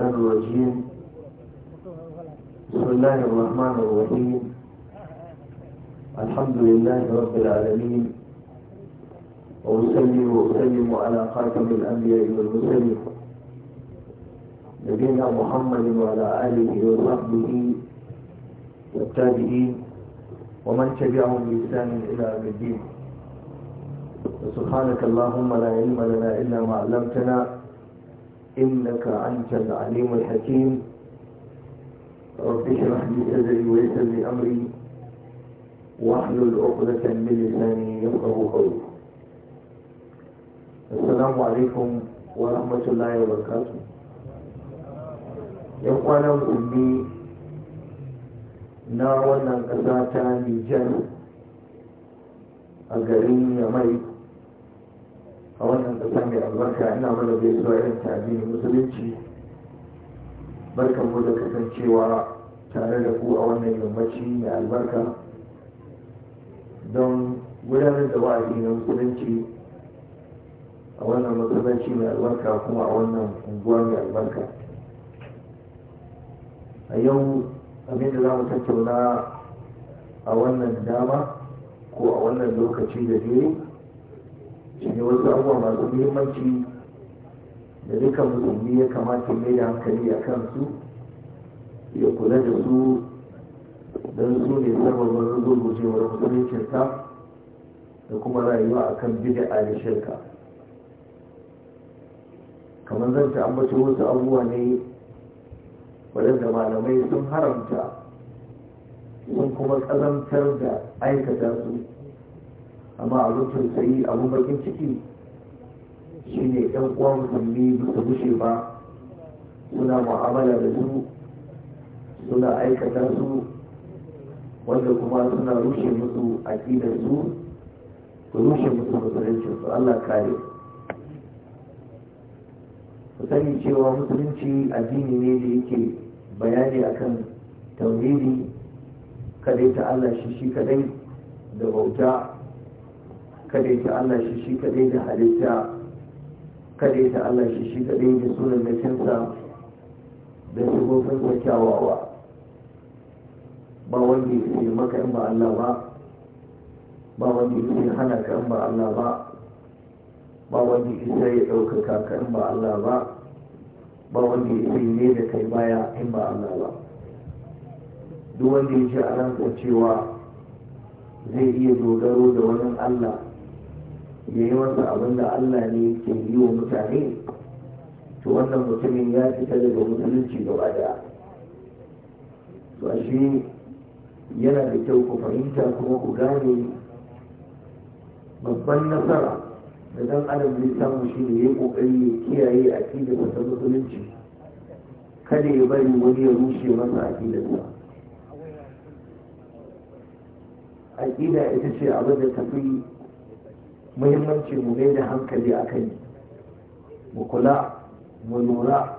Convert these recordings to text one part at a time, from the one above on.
الشيطان الرجيم بسم الله الرحمن الرحيم الحمد لله رب العالمين وأسلم وأسلم على خاتم الأنبياء والمرسلين نبينا محمد وعلى آله وصحبه والتابعين ومن تبعهم بإحسان إلى يوم الدين وسبحانك اللهم لا علم لنا إلا ما علمتنا إنك أنت العليم الحكيم رب اشرح لي صدري ويسر لي أمري واحلل عقدة من لساني يفقه قولي السلام عليكم ورحمة الله وبركاته يا أخوانا أمي na wannan ƙasa ta Nijar a garin a wannan kasa mai albarka ina mana bai zuwa irin ta addinin musulunci barkan mu da kasancewa tare da ku a wannan yammaci mai albarka don gudanar da wa'azi na musulunci a wannan musulunci mai albarka kuma a wannan unguwa mai albarka a yau abin da za mu tattauna a wannan dama ko a wannan lokaci da dare shine wasu abubuwa masu muhimmanci da duka musulmi ya kamata mai da hankali a kansu ya kula da su don su ne sababin rugujewar musuluncinsa da kuma rayuwa a kan bid'a da shirka kamar zan ta ambaci wasu abubuwa ne waɗanda malamai sun haramta sun kuma ƙazantar da aikata su amma a lokacin sai abun bakin ciki shine yan ɗan ƙwan ba bisa bushe ba suna mu'amala da su suna aikata su wanda kuma suna rushe musu a ƙidar su rushe musu musulunci su Allah kare ku sani cewa musulunci addini ne da yake bayani akan tauhidi kadai ta Allah shi shi kadai da bauta kada ta Allah shi shi kaɗai da halitta kada ta Allah shi shi kadai da sunan nakinsa da shigofin kyawawa ba wanda ya ce maka in ba Allah ba ba wanda ya hana ka in ba Allah ba ba wanda ya isa ya ɗaukaka ka in ba Allah ba ba wanda ya isa ne da kai baya in ba Allah ba duk wanda ya ji a ransa cewa zai iya dogaro da wani Allah ya yi masa abin da Allah ne ke yi wa mutane to wannan mutumin ya fita daga musulunci gaba da ba shi yana da kyau ku fahimta kuma ku gane babban nasara da dan adam zai samu shi ne ya kokari ya kiyaye aƙidar ta musulunci kada ya bari wani ya rushe masa aƙidarsa aƙida ita ce abin da tafi muhimmanci mu mai da hankali a kai mu kula mu lura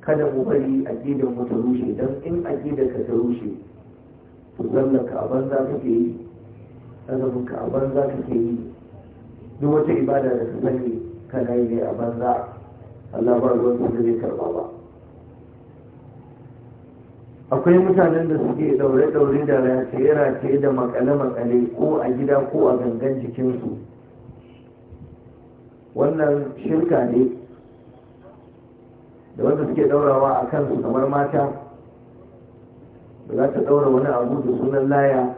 kada mu bari gidan mu ta rushe don in a ka ta rushe to zallaka a banza ke yi azuminka a banza ke yi duk wata ibada da ka sani kana yi ne a banza Allah ba ruwan suka zai karba ba akwai mutanen da suke daure-daure da rataye-rataye da makale-makale ko a gida ko a gangan jikinsu wannan shirka ne da wanda suke daurawa a kansu kamar mata da za ta daura wani abu da sunan laya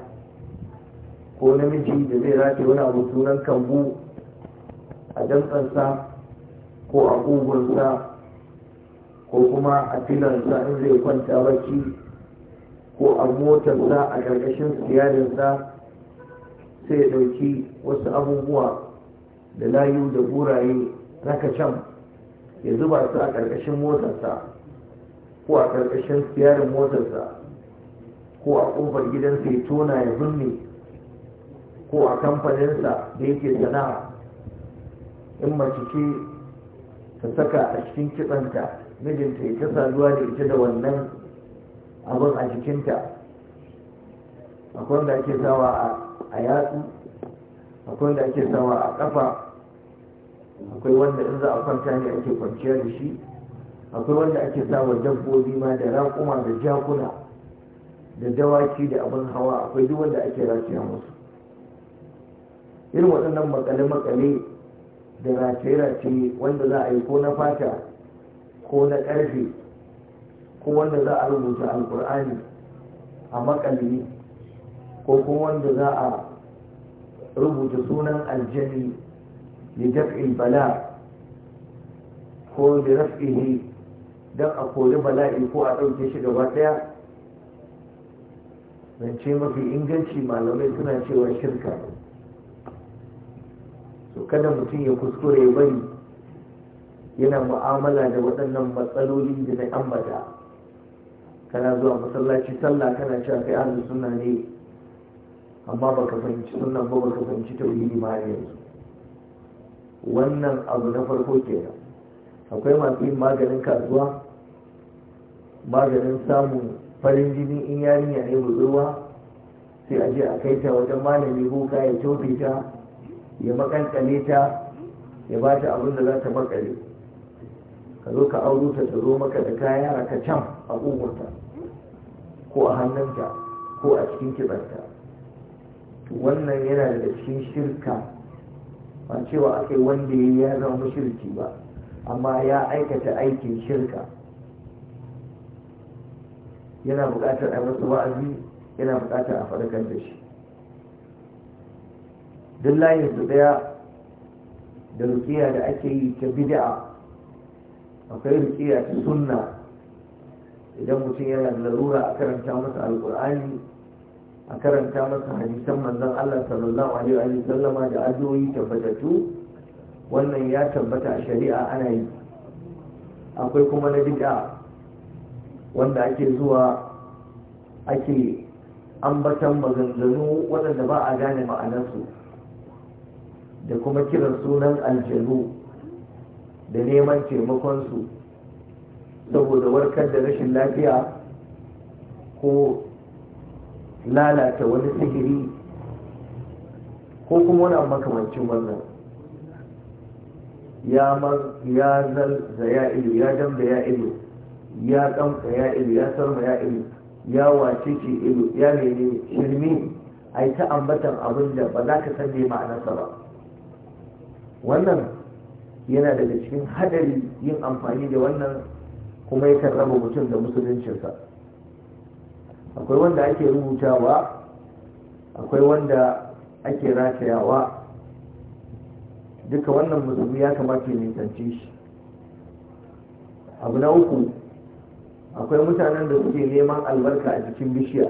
ko namiji da zai rataye wani abu sunan kambu a dantsansa ko a ƙugunsa ko kuma a filansa in zai kwanta bacci ko a motarsa a ƙarƙashin siyarinsa sai ya ɗauki wasu abubuwa da layu da guraye can ya zuba su a ƙarƙashin motarsa ko a ƙarƙashin siyarin motarsa ko a ƙofar gidansa ya tona ya binne ko a kamfaninsa da yake sana'a in mace ce ta saka a cikin kitsanta mijinta ya ta saduwa da ita da wannan abin a jikinta akwai wanda ake sawa a yatsu akwai wanda ake sawa a kafa akwai wanda in za a kwanta ne ake kwanciya da shi akwai wanda ake sawa dabbobi ma da raƙuma da jakuna da dawaki da abin hawa akwai duk wanda ake raciya musu irin waɗannan makale-makale da race-race wanda za a yi ko na fata ko na ƙarfe ko wanda za a rubuta alkur'ani a makalli ko kuma wanda za a rubuta sunan aljani da daf'il bala ko da raf'ihi don a kori bala'i ko a ɗauke shi gaba ɗaya ce mafi inganci malamai suna cewa shirka so kada mutum ya kuskure bari yana mu'amala da waɗannan matsaloli da na ambata kana zuwa masallaci sallah kana cewa kai ahlus sunna ne amma baka fahimci sunnan ba baka fahimci tauhidi ma yanzu wannan abu na farko kenan akwai masu yin maganin kasuwa maganin samun farin jini in yarinya ne budurwa sai a je a kai ta wajen malami ka ya tofe ta ya makankale ta ya ba ta abin da za ta makale ka zo ka auro ta tsaro maka da kaya a ka can a ƙugunta ko a hannunta ko a cikin kibarta wannan yana da cikin shirka ba cewa ake wanda ya ya zama mashirki ba amma ya aikata aikin shirka yana buƙatar a masa wa'azi yana buƙatar a farkar da shi duk layin su ɗaya da rukiya da ake yi ta bid'a akwai a ta sunna idan mutum yana da larura a karanta masa alkur'ani a karanta masa hadisan manzan Allah sallallahu alaihi wa sallama da addu'o'i tabbatattu wannan ya tabbata a shari'a ana yi akwai kuma na bid'a wanda ake zuwa ake ambatan maganganu waɗanda ba a gane ma'anarsu da kuma kiran sunan aljanu da neman taimakonsu saboda warkar da rashin lafiya ko lalata wani sihiri ko kuma wani makamancin wannan ya zalza ya ilu ya da ya ilu ya kamka ya ilu ya sarma ya ilu ya wace ce ilu ya mene shirmi a yi ta ambatan abin da ba za ka san ma'anarsa ba wannan yana daga cikin hadari yin amfani da wannan kuma yakan raba mutum da musuluncinsa akwai wanda ake rubutawa akwai wanda ake ratayawa duka wannan musulmi ya kamata ya nisance shi abu na uku akwai mutanen da suke neman albarka a jikin bishiya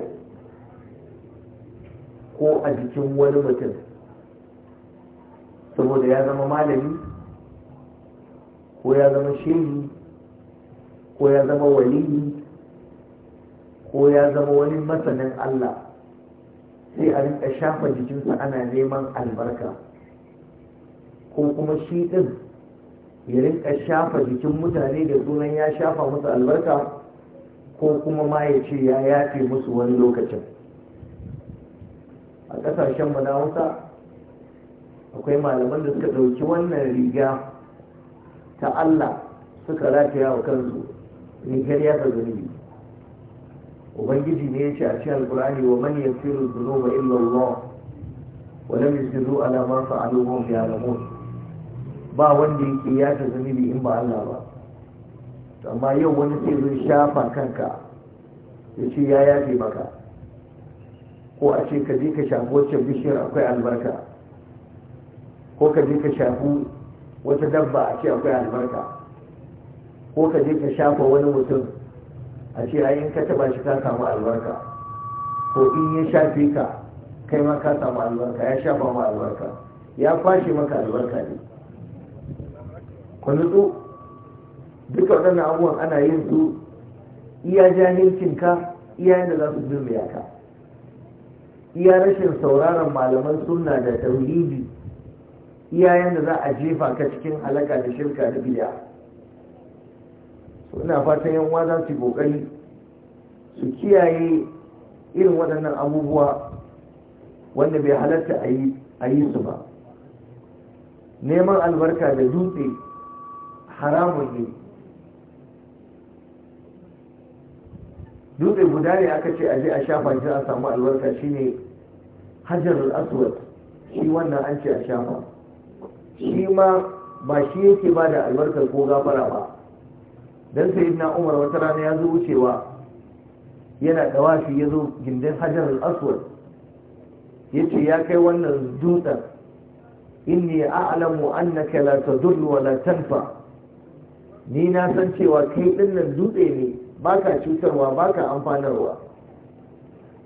ko a jikin wani mutum saboda ya zama malami ko ya zama shehi ko ya zama waliyi ko ya zama wani masanin Allah sai a rinka shafa jikinsa ana neman albarka ko kuma shi ɗin ya rinka shafa jikin mutane da sunan ya shafa musu albarka ko kuma ma ya ce ya yafe musu wani lokacin a ƙasashen na akwai malaman da suka ɗauki wannan riga ta Allah suka rataya wa kansu rigar ya zunubi ubangiji ne ya ce a cikin alkur'ani wa man yaghfiru dhunuba illa Allah wa lam yusiru ala ma fa'alu hum ya'lamun ba wanda yake ya ta zunubi in ba Allah ba amma yau wani sai zai shafa kanka ya ce ya yafe maka ko a ce ka je ka shafi wacce bishiyar akwai albarka ko ka je ka shafi wata dabba a ce akwai albarka ko ka je ka shafa wani mutum a ce ayin ka taba shi ka samu albarka ko in ya shafe ka kai ma ka samu albarka ya shafa ma albarka ya kwashe maka albarka ne ku duk duka waɗannan abubuwan ana yin su iya ka, iya yadda za su zulmiya ka iya rashin sauraron malaman suna da tauhidi iyayen da za a jefa ka cikin halaka da shirka da biya suna fatan yan za su kokari su kiyaye irin waɗannan abubuwa wanda bai halatta a yi su ba neman albarka da dutse haramun ne dutse guda ne aka ce aje a shafa shi a samu albarka shine hajjar al'asuwar shi wannan an ce a shafa shi ma ba shi yake ba da albarkar ko gafara ba dan na, umar wata rana ya zo wucewa yana wasu ya zo gindin hajar al-aswad yace ya kai wannan dutsen inni a'lamu annaka la tadullu wa la tanfa ni na san cewa kai dinnan dutse ne baka cutarwa baka amfanarwa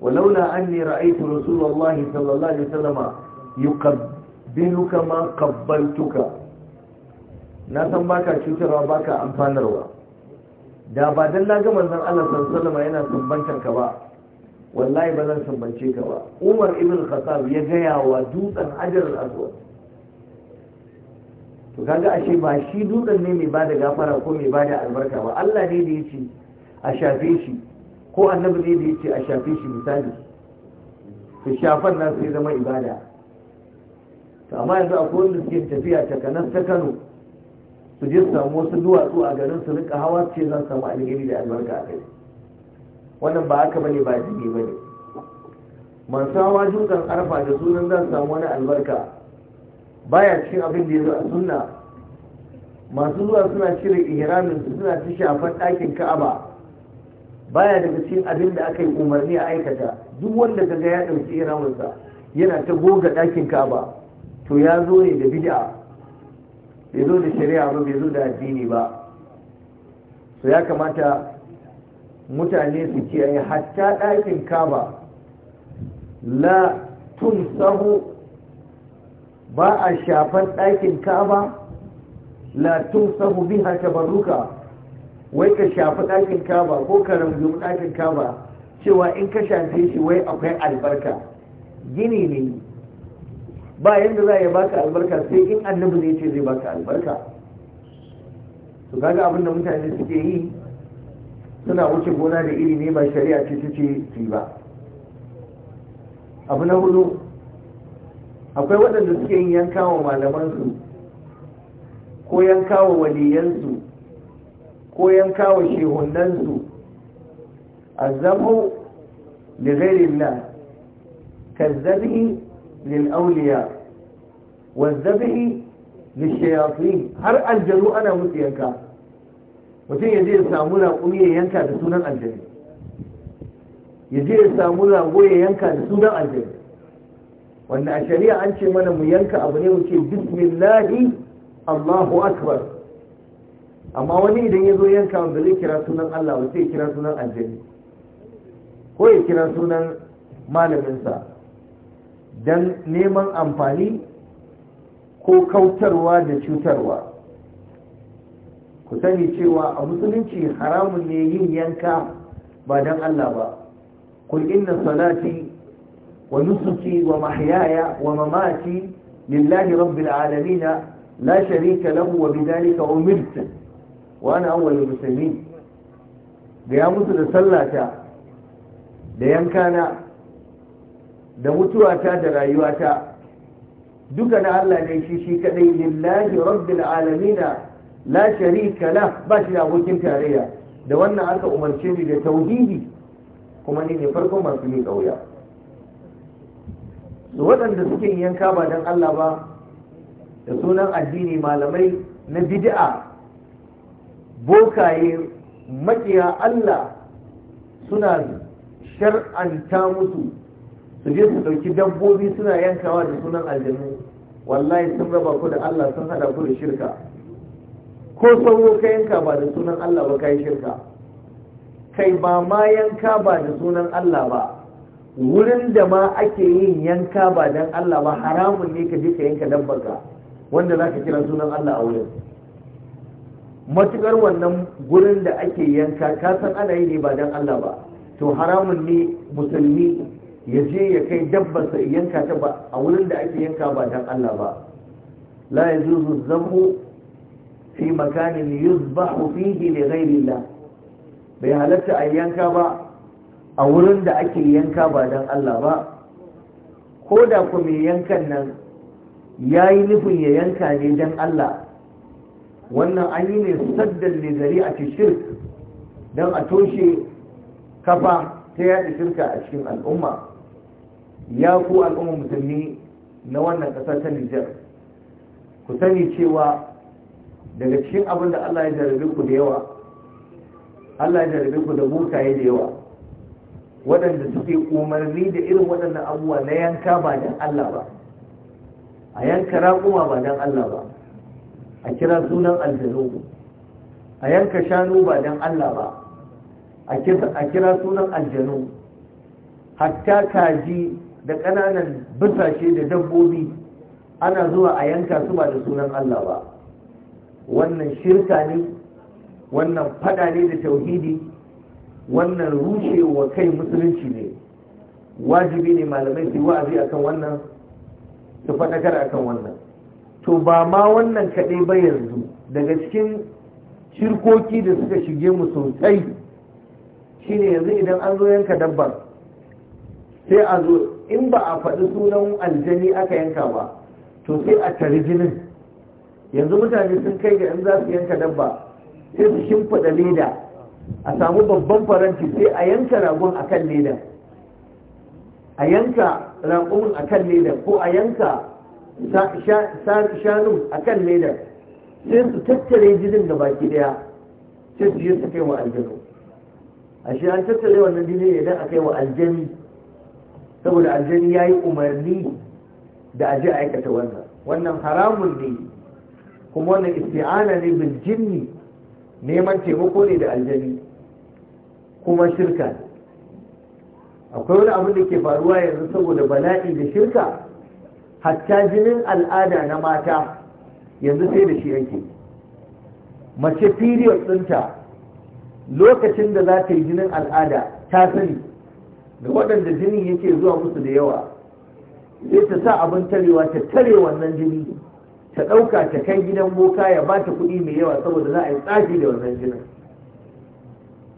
walaula anni ra'aytu rasulullahi sallallahu alaihi wasallama abbiluka ma qabbaltuka na san baka cutarwa baka amfanarwa da ba dan na ga manzon Allah sallallahu yana sumbantan ka ba wallahi ba zan sumbance ka ba Umar ibn Khattab ya gaya wa dutsen Hajar al-Aswad to kaga ashe ba shi dutsen ne mai bada gafara ko mai bada albarka ba Allah ne da ce a shafe shi ko annabi ne da ce a shafe shi misali to shafan nan sai zama ibada amma yanzu akwai wanda suke tafiya takanas ta kano su je samu wasu duwatsu a garin su rika hawa ce za su samu alheri da albarka a kai wannan ba haka bane ba jini bane masu hawa dukan arfa da sunan za su samu wani albarka baya cikin abin da ya zo a sunna masu zuwa suna cire ihramin su suna ta shafan ɗakin ka'aba baya daga cikin abin da aka yi umarni a aikata duk wanda ka ga ya ɗauki sa yana ta goga ɗakin ka'aba to ya zo ne da bid'a bai zo da shari'a ba bai zo da addini ba to ya kamata mutane su kiyaye hatta ɗakin kaba la tun sahu ba a shafan ɗakin kaba la tun sahu biha tabarruka wai ka shafi ɗakin kaba ko ka rangumi ɗakin kaba cewa in ka shafe shi wai akwai albarka gini ne ba yadda za a ya baka albarka sai in annabi ne ce zai baka albarka su kaga abin da mutane suke yi suna wuce gona da iri ne ba shari'a ce ta ce su ba abu na hudu akwai waɗanda suke yin yanka wa malamansu ko yanka wa waliyansu ko yanka wa shehunansu da لغير ka كالذبح lil'auliya wanzabihi lishayatin har aljanu ana musu mutum ya je ya samu raƙumi ya yanka da sunan aljanu ya je ya samu rago ya yanka da sunan aljanu wanda a shari'a an ce mana mu yanka abu ne mu ce bismillahi allahu akbar amma wani idan ya zo yanka wanda zai kira sunan allah ba sai kira sunan aljanu ko ya kira sunan malaminsa don neman amfani ko kautarwa da cutarwa ku sani cewa a musulunci haramun ne yin yanka ba don Allah ba kul inna salati wa nusuki wa mahyaya wa mamati lillahi rabbil alamin la sharika lahu wa bidhalika umirtu wa ana awwalul muslimin da ya mutu da sallata da yankana da mutuwata da rayuwata duka na Allah ne shi shi kadai lillahi rabbil alamin la sharika la ba shi da abokin tarayya da wannan aka umarce ni da tauhidi kuma ni ne farkon masu yin kauya su waɗanda suke yanka ba don Allah ba da sunan addini malamai na bid'a bokaye makiya Allah suna shar'anta musu su je su ɗauki dabbobi suna yankawa da sunan aljanu wallahi sun raba ku da Allah sun hada ku da shirka ko sauro ka yanka ba da sunan Allah ba kai shirka kai ba ma yanka ba da sunan Allah ba wurin da ma ake yin yanka ba dan Allah ba haramun ne ka je ka yanka dabbarka wanda zaka kira sunan Allah a wurin matukar wannan gurin da ake yanka ka san ana yi ne ba dan Allah ba to haramun ne musulmi ya je ya kai dabbarsa yanka ta ba a wurin da ake yanka ba dan Allah ba la yajuzu zamu fi makanin yuzbahu fihi li ghairi Allah bai halatta a yanka ba a wurin da ake yanka ba dan Allah ba ko da ku mai yankan nan yayi nufin ya yanka ne dan Allah wannan an yi ne saddan ne gari a shirk dan a toshe kafa ta yaɗa shirka a cikin al'umma ya ku al'ummar musulmi na wannan ƙasar ta Nijar ku sani cewa daga cikin abin da Allah ya jarabe ku da yawa Allah ya jarabe ku da mutaye da yawa waɗanda suke umarni da irin waɗannan abubuwa na yanka ba don Allah ba a yanka raƙuma ba don Allah ba a kira sunan aljanu a yanka shanu ba don Allah ba a kira sunan aljanu hatta kaji da ƙananan bisashe da dabbobi ana zuwa a yanka su ba da sunan Allah ba wannan shirka ne wannan fada ne da tauhidi wannan wa kai musulunci ne wajibi ne malamai su wa'azi akan wannan su faɗakar akan wannan to ba ma wannan kaɗai ba yanzu daga cikin shirkoki da suka shige mu sosai shine yanzu idan an zo yanka dabbar sai a zo in ba a faɗi sunan aljani aka yanka ba to sai a tari jinin yanzu mutane sun kai ga in za su yanka dabba sai su shimfiɗa leda a samu babban faranti sai a yanka ragon a kan leda a yanka raƙumin a kan leda ko a yanka shanun a kan leda sai su tattare jinin da baki ɗaya sai su yi su kai wa aljanu shi an tattare wannan jini idan a kai wa aljani saboda aljani ya yi umarni da aji aikata wannan wannan haramun ne kuma wannan isti'ana ne bil jinni neman taimako ne da aljani kuma shirka akwai wani abin da ke faruwa yanzu saboda bala'i da shirka hatta jinin al'ada na mata yanzu sai da shi yake mace period ɗinta lokacin da za ta yi jinin al'ada ta sani Da waɗanda jini yake zuwa musu da yawa sai ta sa abin tarewa ta tare wannan jini ta ɗauka ta kai gidan boka ya ba ta kuɗi mai yawa saboda za a yi tsafi da wannan jinin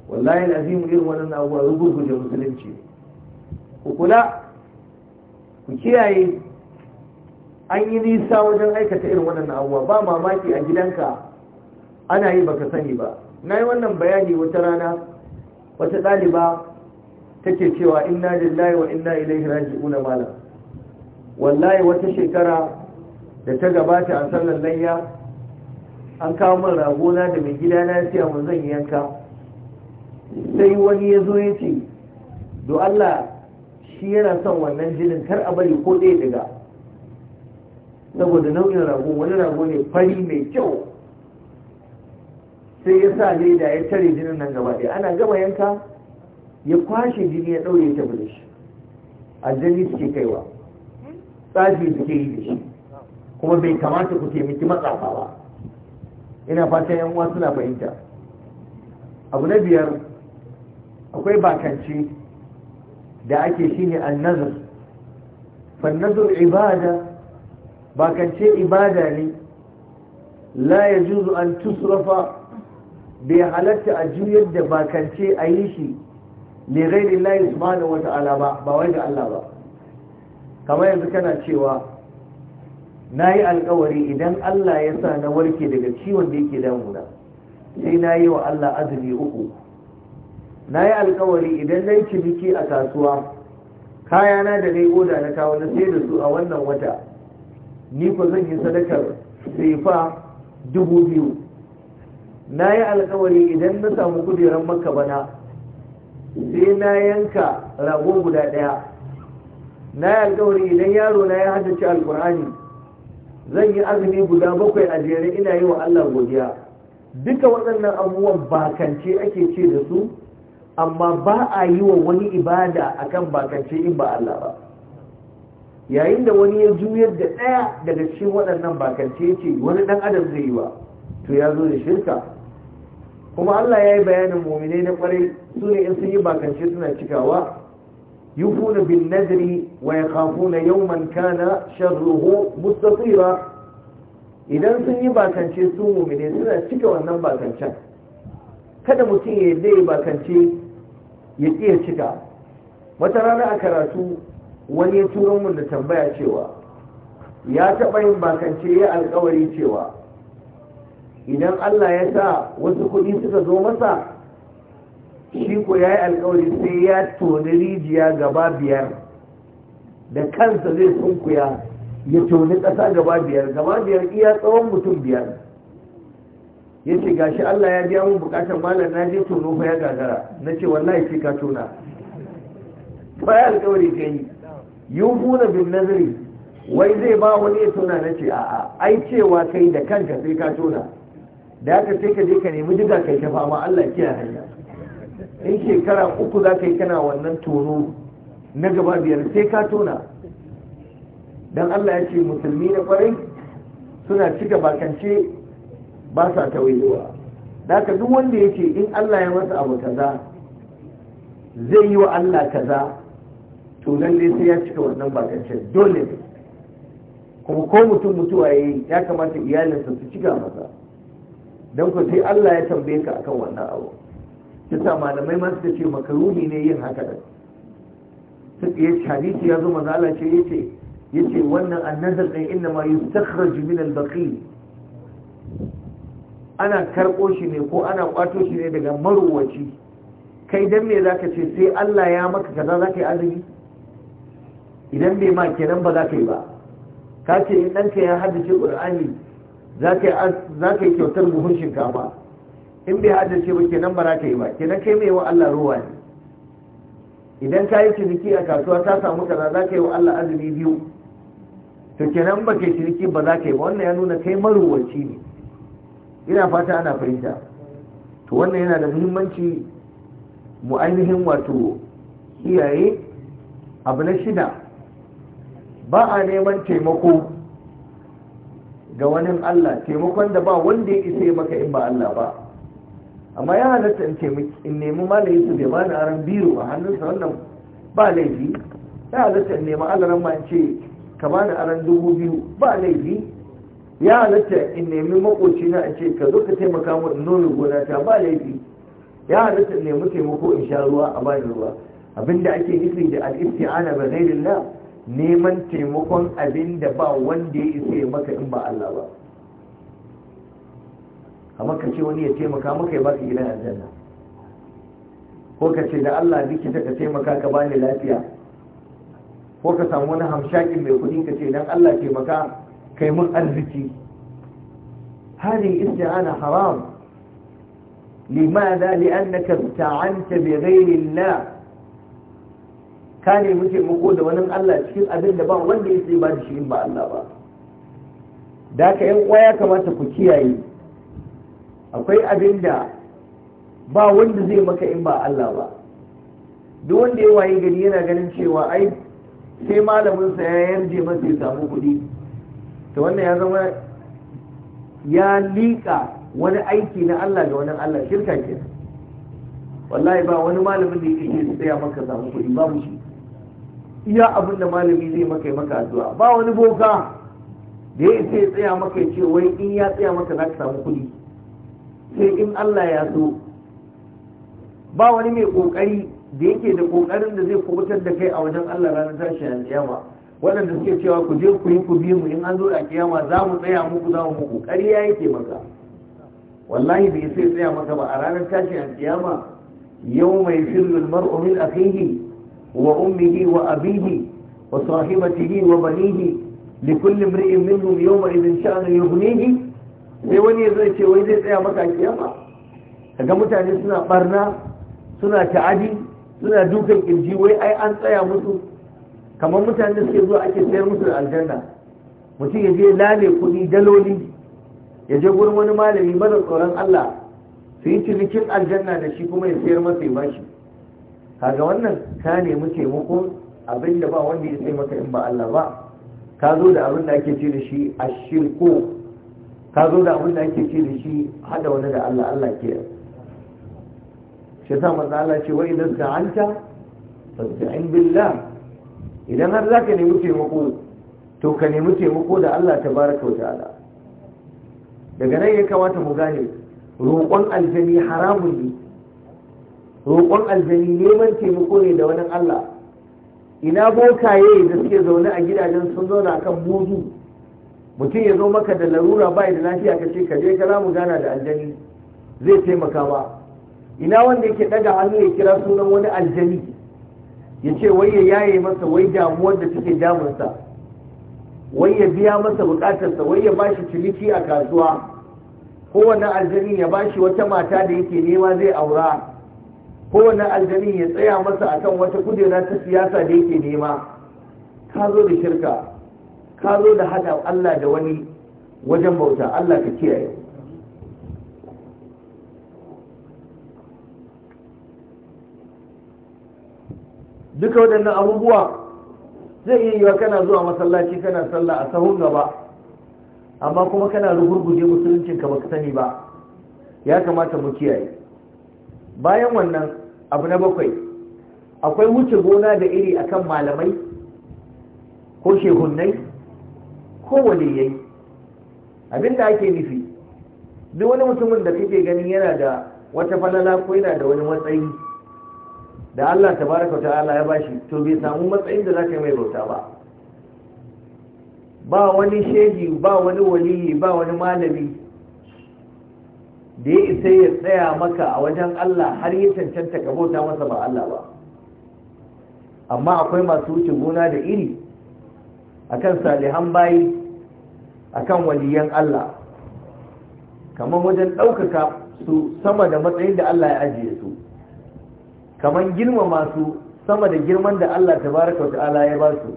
wallahi azimu irin wannan abubuwa da musulunci ku kula ku kiyaye an yi nisa wajen aikata irin wannan abubuwa ba mamaki a gidanka ana yi baka sani ba na yi wannan bayani wata rana wata ɗaliba take cewa inna lillahi wa inna ilaihi raji'un malam wallahi wata shekara da ta gabata a sallar layya an kawo min ragona da mai gida na sai mun zan yanka sai wani yazo zo ya ce do Allah shi yana son wannan jinin kar a bari ko ɗaya daga saboda nau'in rago wani rago ne fari mai kyau sai ya sa leda ya tare jinin nan gaba ɗaya ana gama yanka ya kwashe jini ya ɗaure ta bude shi Aljani suke kaiwa tsafi suke yi da shi kuma bai kamata ku taimaki matsafa ba ina fatan yan uwa suna fahimta abu na biyar akwai bakanci da ake nazar, annazar fannazar ibada bakance ibada ne la juzu an tusrafa bai halatta a juyar da bakance a yi shi li ghairi Allah subhanahu wa ta'ala ba ba wai da Allah ba kamar yanzu kana cewa nayi alƙawari idan Allah ya sa na warke daga ciwon da yake damuna sai nayi wa Allah azumi uku nayi alƙawari idan nayi ciniki a kasuwa kayana da nayi oda na kawo na sai da su a wannan wata ni ko zan yi sadakar sefa dubu biyu na yi alkawari idan na samu kudiran maka bana sai na yanka rago guda ɗaya na yi alkawari idan yaro na ya haddace alkur'ani zan yi azumi guda bakwai a jere ina yi wa Allah godiya duka waɗannan abubuwan bakance ake ce da su amma ba a yi wa wani ibada akan bakance in ba Allah ba yayin da wani ya juyar da ɗaya daga cikin waɗannan bakance ce wani ɗan adam zai yi wa to ya zo da shirka kuma Allah ya yi bayanin muminai na kwarai su ne in sun yi bakance suna cikawa yufuna bin nadri wa na yawman kana sharruhu mustafira idan sun yi bakance su mumine suna cika wannan bakancen kada mutum ya yi bakance ya iya cika wata rana a karatu wani ya turo mun da tambaya cewa ya taɓa yin bakance ya alkawari cewa idan Allah ya sa wasu kuɗi suka zo masa shi ko ya yi alkawari sai ya toni rijiya gaba biyar da kansa zai sunkuya ya toni ƙasa gaba biyar gaba biyar iya tsawon mutum biyar ya ce gashi Allah ya biya mun bukatar malam na je tono fa ya gagara na ce wallahi ce ka tona ba ya alkawari ka yi yufuna bin nazari wai zai ba wani ya tona na ce a'a ai cewa kai da kanka sai ka tona da haka sai ka je ka nemi duka kai ta fama Allah kiyaye hanya in shekara uku za ka yi kana wannan tono na gaba biyar sai ka tona don Allah ya ce musulmi na kwarai suna cika kance ba sa wayewa da haka duk wanda ya ce in Allah ya masa abu kaza zai yi wa Allah kaza to dai sai ya cika wannan bakance dole kuma ko mutum mutuwa ya yi ya kamata iyalinsa su cika masa don ku sai Allah ya tambaye ka akan wannan abu sa malamai ma suka ce ruhi ne yin haka da suka yi hadisi ya zo maza Allah ce yace yace wannan annazar din inna ma yustakhraju min al-baqi ana karɓo shi ne ko ana kwato shi ne daga maruwaci kai dan me zaka ce sai Allah ya maka kaza zaka yi azumi idan bai ma kenan ba zaka yi ba ka ce in ɗanka ya haddace ƙur'ani za ka yi kyautar buhun shinkafa in bai ce ba kenan ba za ka yi ba kenan kai mai wa Allah ruwa ne idan ka yi ciniki a kasuwa ta samu kaza za ka yi wa Allah azumi biyu to kenan ba kai ciniki ba za ka yi ba wannan ya nuna kai maruwanci ne ina fata ana fahimta to wannan yana da muhimmanci mu ainihin wato iyaye abu na shida ba a neman taimako ga wani Allah taimakon da ba wanda ya isa maka in ba Allah ba amma ya halatta in taimaki in nemi malayi su bai bani aran biro a hannunsa wannan ba laifi ya halatta in nemi alaran ma ce ka bani aran dubu biyu ba laifi ya halatta in nemi makoci na a ce ka zo ka taimaka mu in nome gona ta ba laifi ya halatta in nemi taimako in sha ruwa a bani ruwa abinda ake nufi da al-isti'ana bi ghairillah neman taimakon abin da ba wanda ya isa maka in ba Allah ba kamar ka ce wani ya taimaka maka ya baka gidan aljanna ko ka ce da Allah likita ka taimaka ka bani lafiya ko ka samu wani hamshakin mai kudi ka ce dan Allah taimaka kai mun arziki hadin isti'ana haram لماذا لأنك استعنت بغير الله ka muke taimako da wani Allah cikin abin da ba wanda ya sai ba da shi in ba Allah ba da ka yan kwaya ya kamata ku kiyaye akwai abin da ba wanda zai maka in ba Allah ba duk wanda ya waye gari yana ganin cewa ai sai malamin sa ya yarje masa ya samu kuɗi to wannan ya zama ya liƙa wani aiki na Allah ga wani Allah shirka ke wallahi ba wani malamin da yake tsaya maka samu kuɗi babu shi iya abin da malami zai maka maka addu'a ba wani boka da ya sai ya tsaya maka ya ce wai in ya tsaya maka za ka samu kuɗi sai in Allah ya so ba wani mai kokari da yake da kokarin da zai kubutar da kai a wajen Allah ranar tashin alƙiyama waɗanda suke cewa ku je ku yi ku bi mu in an zo a kiyama za mu tsaya muku za mu muku ya yake maka wallahi bai sai tsaya maka ba a ranar tashin alƙiyama yau mai firlul mar'umin min akhihi وأمه وأبيه وصاحبته وبنيه لكل امرئ منهم يومئذ شأن يغنيه sai wani ya zai ce wai zai tsaya maka kiyama kaga mutane suna barna suna ta'adi suna dukan kirji wai ai an tsaya musu kamar mutane suke zuwa ake sayar musu da aljanna mutum ya je lale kuɗi daloli ya je gurin wani malami mara tsoron Allah su yi cinikin aljanna da shi kuma ya sayar masa ya bashi kaga wannan ka nemi taimako abinda ba wanda ya taimaka in ba Allah ba ka zo da abin da ake ce da shi a shirko? ka zo da abin da ake ce da shi hada wani da Allah Allah ke shi sa manzo Allah ce wai idan sta'anta fasta'in billah idan har zaka nemi taimako to ka nemi taimako da Allah tabaraka wa ta'ala daga nan ya kamata mu gane roƙon aljani haramun ne roƙon aljani neman taimako ne da wani Allah ina bokaye da suke zaune a gidajen sun zauna kan buzu mutum ya zo maka da larura bai da lafiya ka ce kaje ka za mu gana da aljani zai taimaka ba ina wanda yake ɗaga hannu ya kira sunan wani aljani ya ce wai ya yaye masa wai damuwar da take damunsa wai ya biya masa bukatarsa wai ya bashi ciniki a kasuwa kowane aljani ya bashi wata mata da yake nema zai aura kowane aljani ya tsaya masa akan wata kujera ta siyasa da yake nema ka zo da shirka ka zo da hada Allah da wani wajen bauta Allah ka kiyaye duka waɗannan abubuwa zai iya yiwa kana zuwa masallaci kana sallah a sahun gaba amma kuma kana rugurguje musuluncin ka baka sani ba ya kamata mu kiyaye bayan wannan abu na bakwai akwai wuce gona da iri akan malamai ko shehunnai ko waliyai abinda ake nufi duk wani mutumin da kake gani yana da wata falala ko yana da wani matsayi da Allah tabaraka ta'ala ya bashi to bai samu matsayin da zaka mai bauta ba ba wani shehi ba wani waliyi ba wani malami da ya isa ya tsaya maka a wajen Allah har ya cancanta ka bauta masa ba Allah ba amma akwai masu wuce gona da iri akan salihan bayi akan waliyan Allah kamar wajen ɗaukaka su sama da matsayin da Allah ya ajiye su kamar girmama su sama da girman da Allah baraka wa ta'ala ya ba su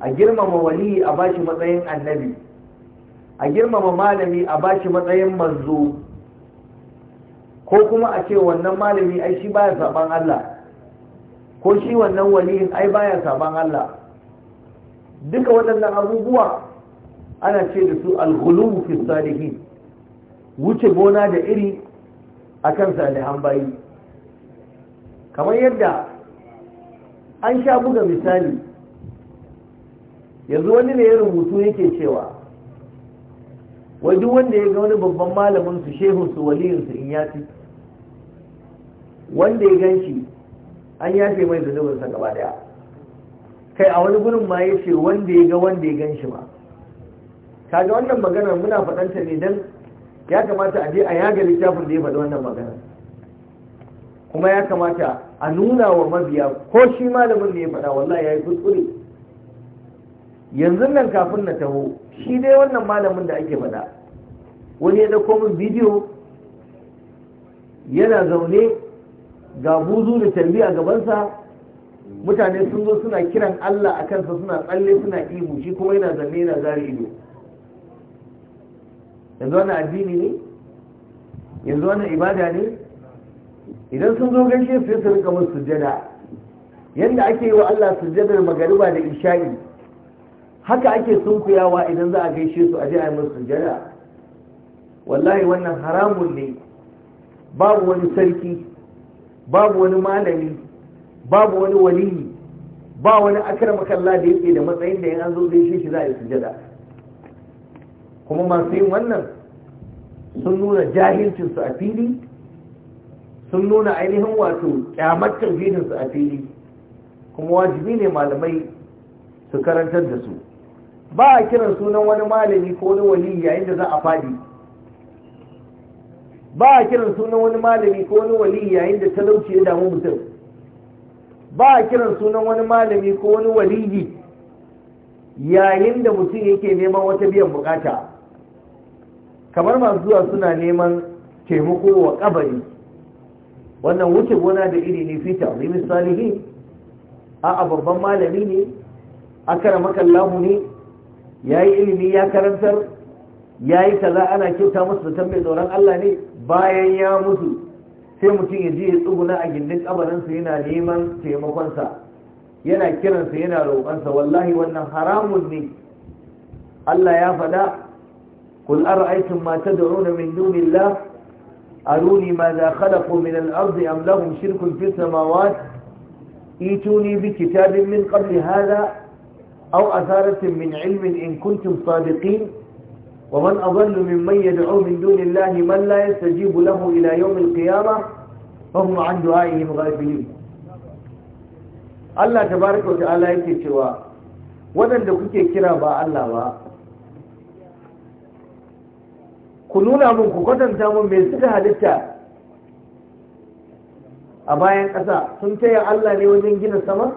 a girmama wali a bashi matsayin annabi a girmama malami a bashi matsayin manzo ko kuma a ce wannan malami ai shi baya saban Allah ko shi wannan waliyin ai baya saban Allah duka waɗannan abubuwa ana ce da su alghulumu fi salihin wuce gona da iri akan salihan bayi kamar yadda an sha buga misali yanzu wani ne ya rubutu yake cewa wai duk wanda ya ga wani babban malamin su shehun su waliyin su in yafi wanda ya gan shi an yafe mai zunubinsa gaba daya kai a wani gurin ma ya ce wanda ya ga wanda ya gan shi ma kaga wannan magana muna faɗanta ne don ya kamata a je a yaga littafin da ya faɗi wannan magana kuma ya kamata a nuna wa mabiya ko shi malamin da ya faɗa wallahi ya yi kuskure yanzu nan kafin na taho shi dai wannan malamin da ake faɗa wani ya ɗauko min bidiyo yana zaune ga buzu da tarbi a gabansa mutane sun zo suna kiran Allah a kansa suna tsalle suna ihu shi kuma yana zanne yana zari ido yanzu wani addini ne yanzu wani ibada ne idan sun zo gaishe sai su rika musu sujjada yadda ake yi wa Allah sujjadar magariba da isha'i haka ake sunkuyawa idan za a gaishe su a je a yi musu sujjada wallahi wannan haramun ne babu wani sarki babu wani malami babu wani waliyi ba wani makalla da yake da matsayin da yanzu zo shi shi za a yi sujada kuma masu yin wannan sun nuna jahilcinsu a fili sun nuna ainihin wato kyamar tauhidinsu a fili kuma wajibi ne malamai su karantar da su ba a kiran sunan wani malami ko wani waliyi yayin da za a fadi ba a kiran sunan wani malami ko wani wali yayin da talauci ya damu mutum ba a kiran sunan wani malami ko wani waliyi yayin da mutum yake neman wata biyan bukata kamar masu zuwa suna neman taimako wa kabari wannan wuce gona da iri ne fita rimin salihi a babban malami ne a kara makallahu ne ya yi ilimi ya karantar ya yi kaza ana kyauta masu da mai tsoron Allah ne bayan ya mutu sai mutum ya je ya tsuguna a gindin kabarinsa yana neman taimakonsa yana kiransa yana roƙonsa wallahi wannan haramun ne Allah ya faɗa kul ara'aytum ma tad'una min dunillah aruni ma za khalaqu min al-ardi am lahum shirkun fi samawat ituni bi kitabin min qabli hadha aw atharatin min ilmin in kuntum sadiqin ومن أضل ممن يدعو من دون الله من لا يستجيب له إلى يوم القيامة فهم عن دعائهم غافلين Allah tabaraka wa ta'ala yake cewa waɗanda kuke kira ba Allah ba ku nuna mun ku kwatanta mun me suka halitta a bayan ƙasa sun taya Allah ne wajen gina sama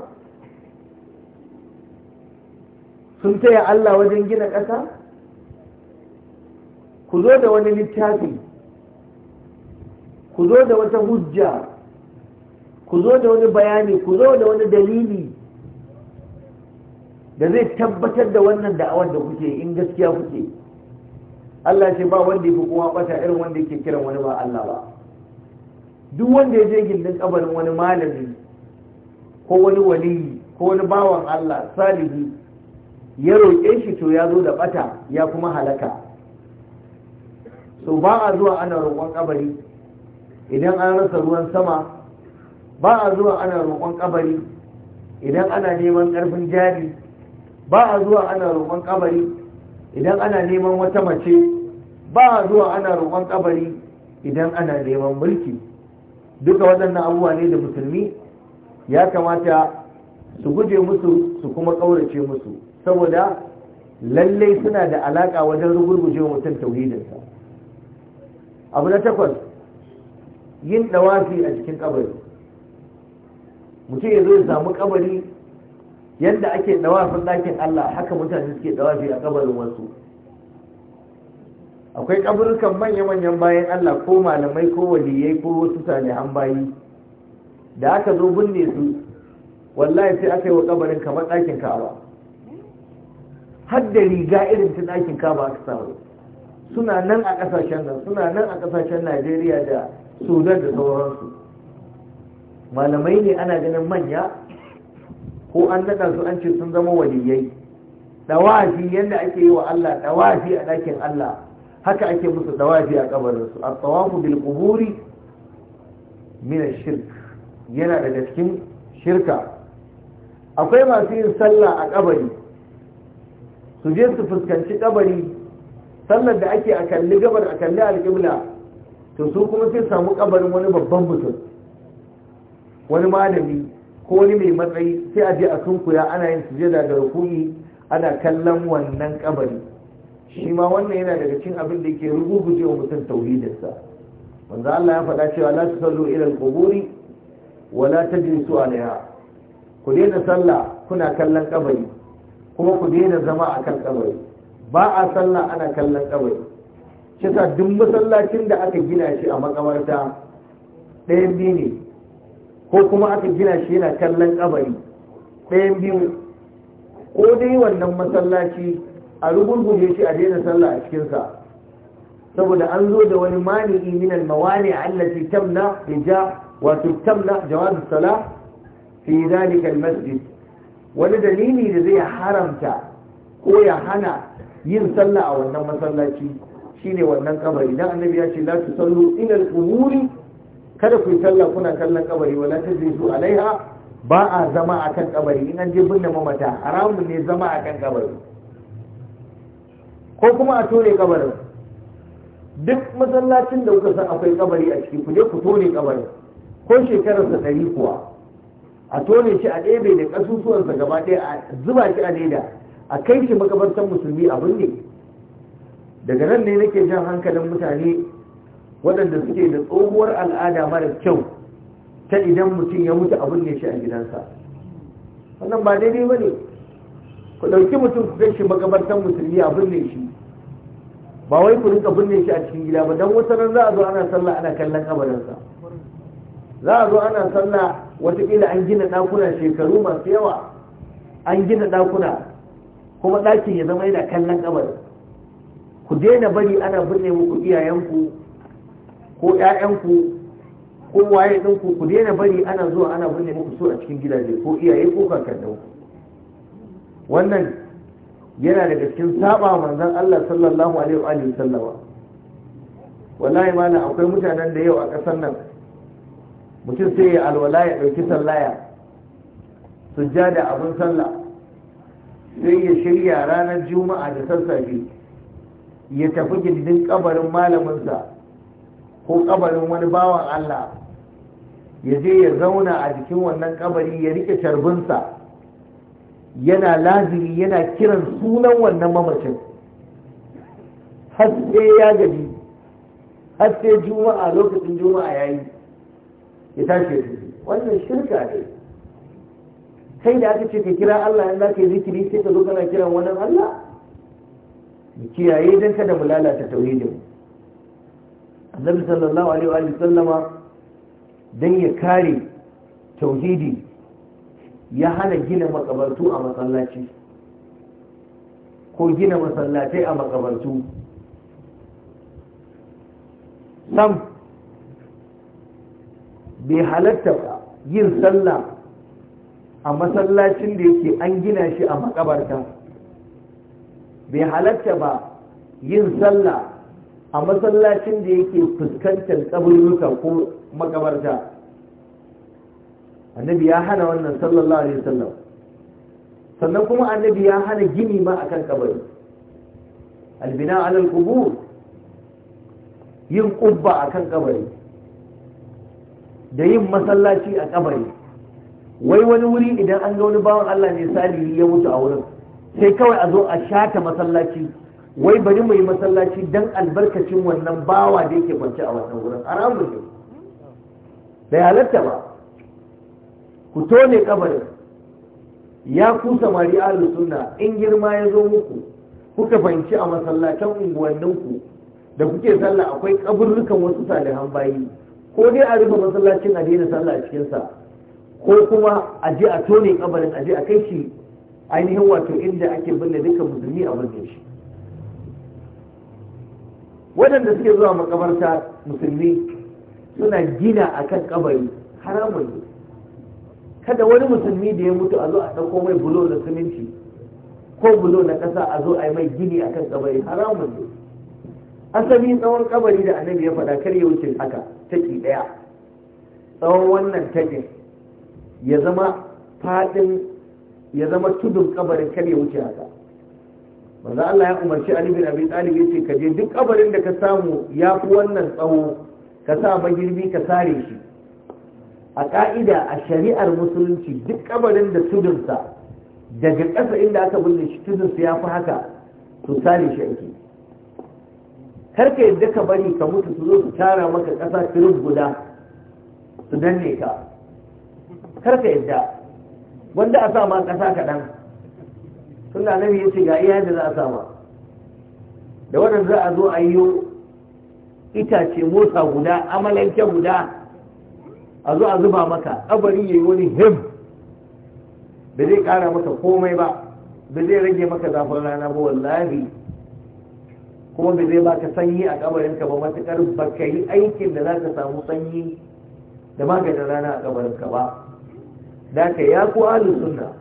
sun taya Allah wajen gina ƙasa ku zo da wani littafi ku zo da wata hujja ku zo da wani bayani ku zo da wani dalili da zai tabbatar da wannan da'awar da kuke in gaskiya kuke Allah ce ba wanda fi kuma bata irin wanda yake kiran wani ba Allah ba duk wanda ya je gindin kabarin wani malami ko wani waliyi ko wani bawan Allah Salihu ya roƙe shi to ya zo da bata ya kuma halaka To ba a zuwa ana roƙon kabari idan an rasa ruwan sama ba a zuwa ana roƙon kabari idan ana neman ƙarfin jari ba a zuwa ana roƙon kabari idan ana neman wata mace ba a zuwa ana roƙon kabari idan ana neman mulki duka waɗannan abubuwa ne da musulmi ya kamata su guje musu su kuma ƙaurace musu saboda lallai suna da alaƙa wajen rugurgujewa mutum tauhidinsa abu na takwas yin dawafi a cikin kabari mutum ya zo ya samu kabari yadda ake dawafin ɗakin Allah haka mutane suke dawafi a kabarin wasu akwai kaburukan manya-manyan bayan Allah ko malamai ko waliyai ko wasu an bayi da aka zo binne su wallahi sai aka yi wa kabarin kamar ɗakin kaba har da riga irin ta ɗakin kaba aka samu suna nan a ƙasashen nan suna nan a kasashen najeriya da sudan da sauransu malamai ne ana ganin manya ko an naɗa su an ce sun zama waliyai dawafi yadda ake yi wa allah dawafi a ɗakin allah haka ake musu dawafi a kabarinsu a tsawafu bil kuburi shirk yana da cikin shirka akwai masu yin sallah a kabari su je su fuskanci kabari sallar da ake a kalli gabar a kalli alƙibla to su kuma sai samu kabarin wani babban mutum wani malami ko wani mai matsayi sai a je a sunkuya ana yin suje da rukuni ana kallon wannan kabari shi ma wannan yana daga cin abin da yake ruguguje wa mutum tauhidinsa wanda Allah ya faɗa cewa la tusallu ila al-quburi wa la tajlisu alaiha ku daina sallah kuna kallon kabari kuma ku daina zama akan kabari ba a sallah ana kallon kabari shi duk masallacin da aka gina shi a makabarta ɗayan biyu ne ko kuma aka gina shi yana kallon kabari ɗayan biyu ko dai wannan masallaci a rubulguje shi a daina sallah a cikinsa saboda an zo da wani mani'i minal mawani allati tamna hija wa tamna jawaz salah fi zalika masjid, wani dalili da zai haramta ko ya hana yin sallah a wannan masallaci shine wannan kabari dan annabi ya ce la tusallu ila al kada ku yi sallah kuna kallon kabari wala zo alaiha ba a zama akan kabari in an je binne mamata haramun ne zama akan kabari ko kuma a tone kabarin duk masallacin da kuka san akwai kabari a ciki ku je ku tone kabarin ko shekararsa ɗari kuwa a tone shi a ɗebe da ƙasusuwansa gaba ɗaya a zuba shi a leda a kai shi makabartar musulmi abin ne daga nan ne nake jan hankalin mutane waɗanda suke da tsohuwar al'ada mara kyau ta idan mutum ya mutu abin ne shi a gidansa wannan ba daidai ba ne ku ɗauki mutum ku kai shi makabartar musulmi abin ne shi ba wai ku rinka binne shi a cikin gida ba don wata nan za a zo ana sallah ana kallon kabarinsa za a zo ana sallah watakila an gina ɗakuna shekaru masu yawa an gina ɗakuna kuma ɗakin ya zama yana kallon kabarin ku daina bari ana binne muku iyayenku ko ƴaƴanku ko waye ɗinku ku daina bari ana zuwa ana binne muku su a cikin gidaje ko iyaye ko kakannau wannan yana daga cikin saba manzon Allah sallallahu alaihi wa alihi sallama wallahi na akwai mutanen da yau a ƙasar nan mutum sai ya alwala ya ɗauki sallaya sujjada abin sallah sai ya shirya ranar juma'a da sassafe ya tafi gindin kabarin malaminsa ko kabarin wani bawan Allah ya je ya zauna a jikin wannan kabari ya rike carbinsa yana laziri yana kiran sunan wannan mamacin Haske ya gaji haske juma'a lokacin juma'a ya yi, ya tashi wannan shirka ne kai da aka ce ka kira Allah in zaka yi zikiri sai ka zo kana kiran wani Allah mu kiyaye dan kada mu lalata tauhidin annabi sallallahu alaihi wa sallama dan ya kare tauhidi ya hana gina makabartu a masallaci ko gina masallatai a makabartu sam bai halatta yin sallah a masallacin da yake an gina shi a makabarta bai halatta ba yin sallah a masallacin da yake fuskantar tsabiruka ko makabarta annabi ya hana wannan sallallahu alaihi wasallam sannan kuma annabi ya hana gini ma akan kabari albina alal qubur yin kubba akan kabari da yin masallaci a kabari wai wani wuri idan an ga wani bawan Allah ne salihi ya mutu a wurin sai kawai a zo a shata masallaci wai bari mu yi masallaci dan albarkacin wannan bawa da yake kwance a wannan wurin haramun ne bai halatta ba ku tone kabarin ya ku samari ahlus sunna in girma ya zo muku kuka fahimci a masallacin unguwanninku da kuke sallah akwai kaburrukan wasu salihan bayi ko dai a rufe masallacin a daina sallah a cikinsa ko kuma a je a tone kabarin a je a kai shi ainihin wato inda ake binne dukkan musulmi a binne shi waɗanda suke zuwa makabarta musulmi suna gina a kan kabari haramun ne kada wani musulmi da ya mutu a zo a ɗauko mai bulo na siminti ko bulo na ƙasa a zo a yi mai gini a kan kabari haramun ne asali tsawon kabari da annabi ya faɗa kar ya wuce haka taki ɗaya tsawon wannan takin ya zama fadin ya zama tudun kabarin kada ya wuce haka manzo Allah ya umarci Ali bin Abi Talib yace ka je duk kabarin da ka samu ya fi wannan tsawo ka sa magirbi ka sare shi a ka'ida a shari'ar musulunci duk kabarin da tudunsa daga ƙasa inda aka bulle shi sa ya fi haka to sare shi ake kar ka yadda ka bari ka mutu su zo su tara maka ƙasa tirin guda su danne ka kar ka yadda wanda a sa ma ƙasa kaɗan sun da annabi ya ga iya yadda za a sama da waɗanda za a zo a yi itace mota guda amalanke guda a zo a zuba maka abari ya yi wani him ba zai ƙara maka komai ba ba zai rage maka zafin rana ba wallahi kuma ba zai baka sanyi a kabarinka ba matuƙar ba yi aikin da za ka samu sanyi da maganin rana a kabarinka ba da ya ku alu sunna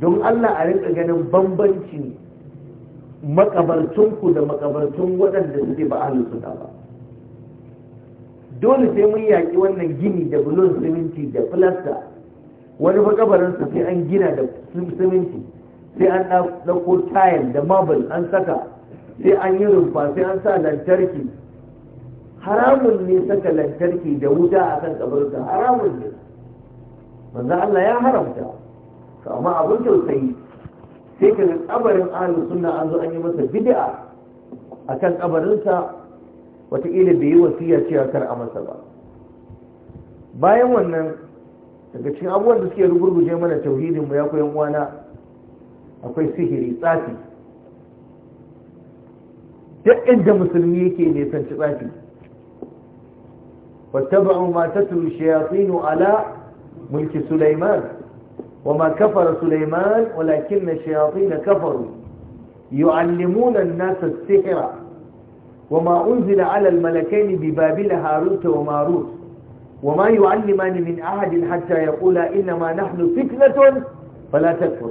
don Allah a rinka ganin bambanci makabartunku da makabartun waɗanda suke ba alu sunna ba dole sai mun yaƙi wannan gini da bulon siminti da filasta wani makabarinsa sai an gina da siminti sai an ɗauko tayal da marble an saka sai an yi rumfa sai an sa lantarki haramun ne saka lantarki da wuta a kan kabarinsa haramun ne manzan Allah ya haramta to amma abin tausayi sai ka ga kabarin ahlu sunna an zo an yi masa bid'a akan kabarinsa wataƙila bai yi wasiya cewa kar a masa ba bayan wannan daga cikin abubuwan da suke rugurguje mana tauhidin mu ya koyan wana akwai sihiri tsafi duk inda musulmi yake ne san tsafi wattaba'u ma tatlu shayatin ala ملك سليمان وما كفر سليمان ولكن الشياطين كفروا يعلمون الناس السحر وما أنزل على الملكين ببابل هاروت وماروت وما يعلمان من أحد حتى يقولا إنما نحن فتنة فلا تكفر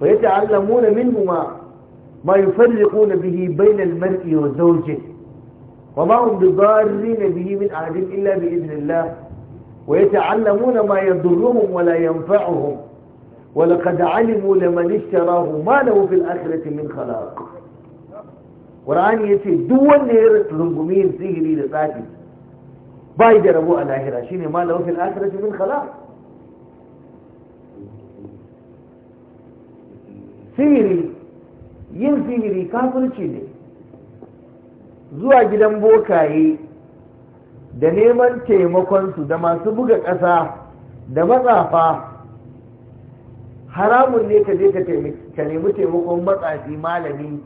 ويتعلمون منهما ما يفرقون به بين المرء وزوجه وما هم بضارين به من أحد إلا بإذن الله ويتعلمون ما يضرهم ولا ينفعهم ولقد علموا لمن اشتراه ما له في الآخرة من خلاق قرآن يتي دول نير رنقمين سيهري لساتي باي دربوا على شيني ما له في الآخرة من خلاق سيري ين sihiri kafirci ne زواج gidan da neman taimakonsu da masu buga ƙasa da matsafa haramun ne ka je ka nemi taimakon matsafi malami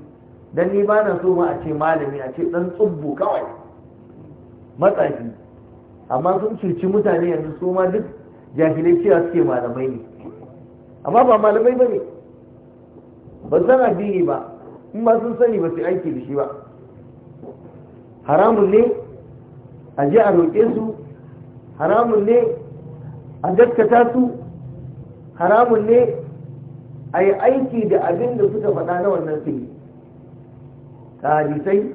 don ni ba na so ma a ce malami a ce ɗan tsubbu kawai matsafi amma sun cuci mutane yanzu su ma duk jahilai cewa suke malamai ne amma ba malamai ba ne ba san addini ba in ba sun sani ba su aiki da shi ba haramun ne a je a roƙe su haramun ne a gaskata su haramun ne a yi aiki da abin da suka faɗa na wannan sirri ta hadisai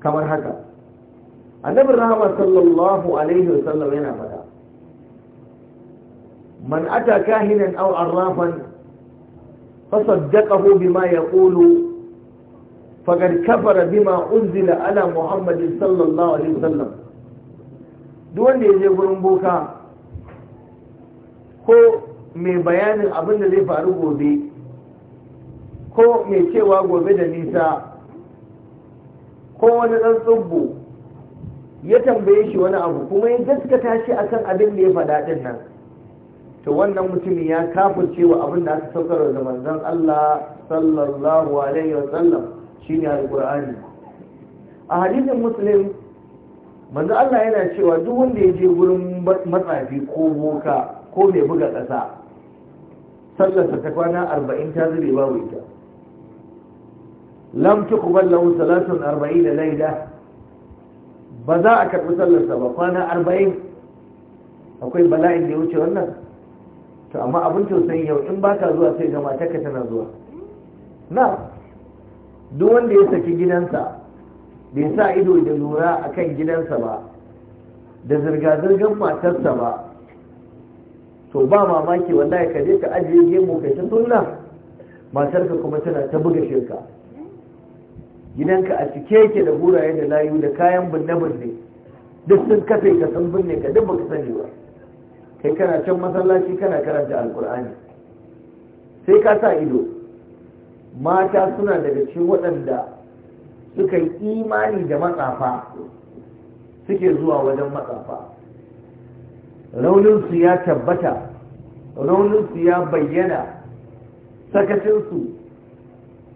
kamar haka annabin rahama sallallahu alaihi wa sallam yana faɗa man ata kahinan aw arrafan فصدقه بما يقول فقد كفر بما أنزل ala muhammadin sallallahu alaihi wa sallam. duk wanda ya je gurin boka ko mai bayanin abin da zai faru gobe ko mai cewa gobe da nisa ko wani ɗan tsubbo ya tambaye shi wani abu kuma ya gaskata shi akan abin da ya faɗa ɗin nan to wannan mutumin ya kafin cewa abin da aka saukar da manzon Allah sallallahu alaihi wasallam shine alqur'ani a hadisin muslim manzo Allah yana cewa duk wanda ya je gurin matsafi ko boka ko mai buga ƙasa sallarsa ta kwana arba'in ta zube babu ita lam tuqbal salasun arba'in da laida ba za a karɓi sallarsa ba kwana arba'in akwai bala'in da ya wuce wannan to amma abin tausayi yau in baka zuwa sai gama matarka tana zuwa na duk wanda ya saki gidansa bai sa ido da lura a kan gidansa ba da zirga-zirgar matarsa ba to ba mamaki wallahi ka je ka ajiye gemu ka ta sunna matarka kuma tana ta buga shirka gidanka a cike yake da guraye da layu da kayan binne-binne duk sun kafe ka san binne ka duk baka sani ba kai kana can masallaci kana karanta alkur'ani sai ka sa ido mata suna daga cikin waɗanda suka yi imani da matsafa suke zuwa wajen matsafa rauninsu ya tabbata rauninsu ya bayyana sakacinsu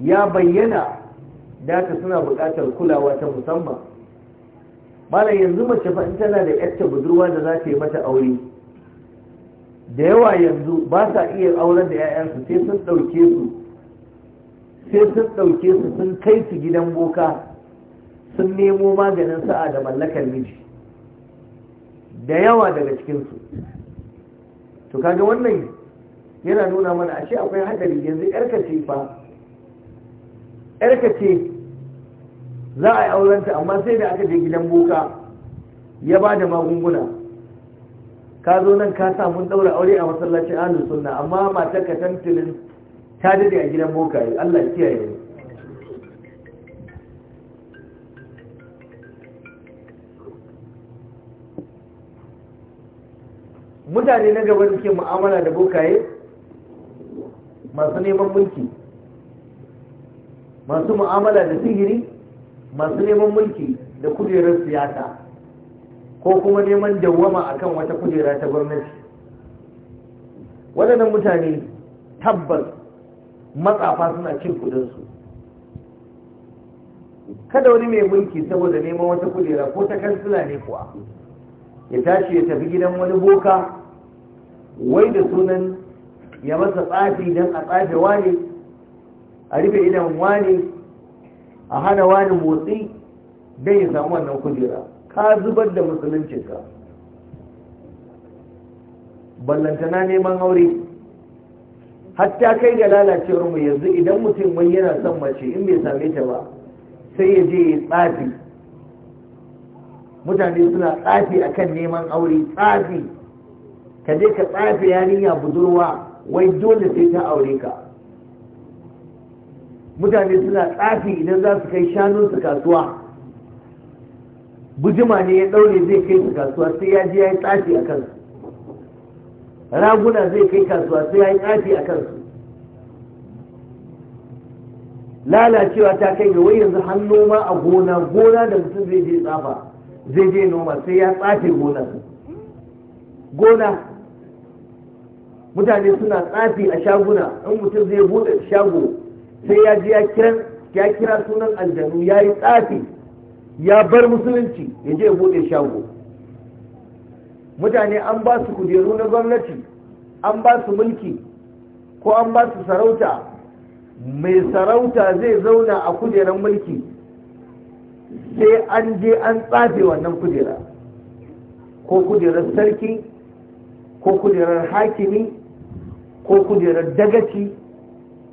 ya bayyana da suna buƙatar kulawa ta musamman mana yanzu mace fa tana da yadda budurwa da za ta yi mata aure da yawa yanzu ba sa iya auren da 'ya'yansu sai sun ɗauke su sai sun ɗauke su sun kai su gidan boka sun nemo maganin sa'a da mallakar miji da yawa daga cikinsu to kaga wannan yana nuna mana ashe akwai hadari yanzu yarka ce fa yarka ce za a yi aurenta amma sai da aka je gidan boka ya ba da magunguna ka zo nan ka sa mun daura aure a masallacin ahlus sunna amma matar ka tantilin ta dade a gidan bokaye Allah ya kiyaye mu mutane na gaba suke mu'amala da bokaye masu neman mulki masu mu'amala da sihiri masu neman mulki da kujerar siyasa ko kuma neman dawwama akan wata kujera ta gwamnati waɗannan mutane tabbas matsafa suna cin kudinsu kada wani mai mulki saboda neman wata kudera ko ta kansila ne kuwa ya tashi ya tafi gidan wani boka wai da sunan ya masa tsafi don a tsafe wani a rufe idan wani a hana wani motsi don ya samu wannan kujera ka zubar da musulunci ka ballantana neman aure hatta kai ga lalacewar mu yanzu idan mutum wai yana son mace in bai same ta ba sai ya je tsafi mutane suna tsafi akan neman aure tsafi ka je ka tsafi yarinya budurwa wai dole sai ta aure ka mutane suna tsafi idan za su kai shanunsu kasuwa bujima ne ya daure zai kai su kasuwa sai ya je ya yi tsafi a kansu raguna zai kai kasuwa sai ya yi tsafi a kansu lalacewa ta kai ga wai yanzu har noma a gona gona da mutum zai je tsafa zai je noma sai ya tsafe gona gona mutane suna tsafi a shaguna in mutum zai bude shago sai ya je ya kira sunan aljanu ya yi tsafi ya bar musulunci ya je bude shago mutane an ba su kujeru na gwamnati an ba su mulki ko an ba su sarauta mai sarauta zai zauna a kujeran mulki sai an je an tsafe wannan kujera ko kujerar sarki ko kujerar hakimi ko kujerar dagaci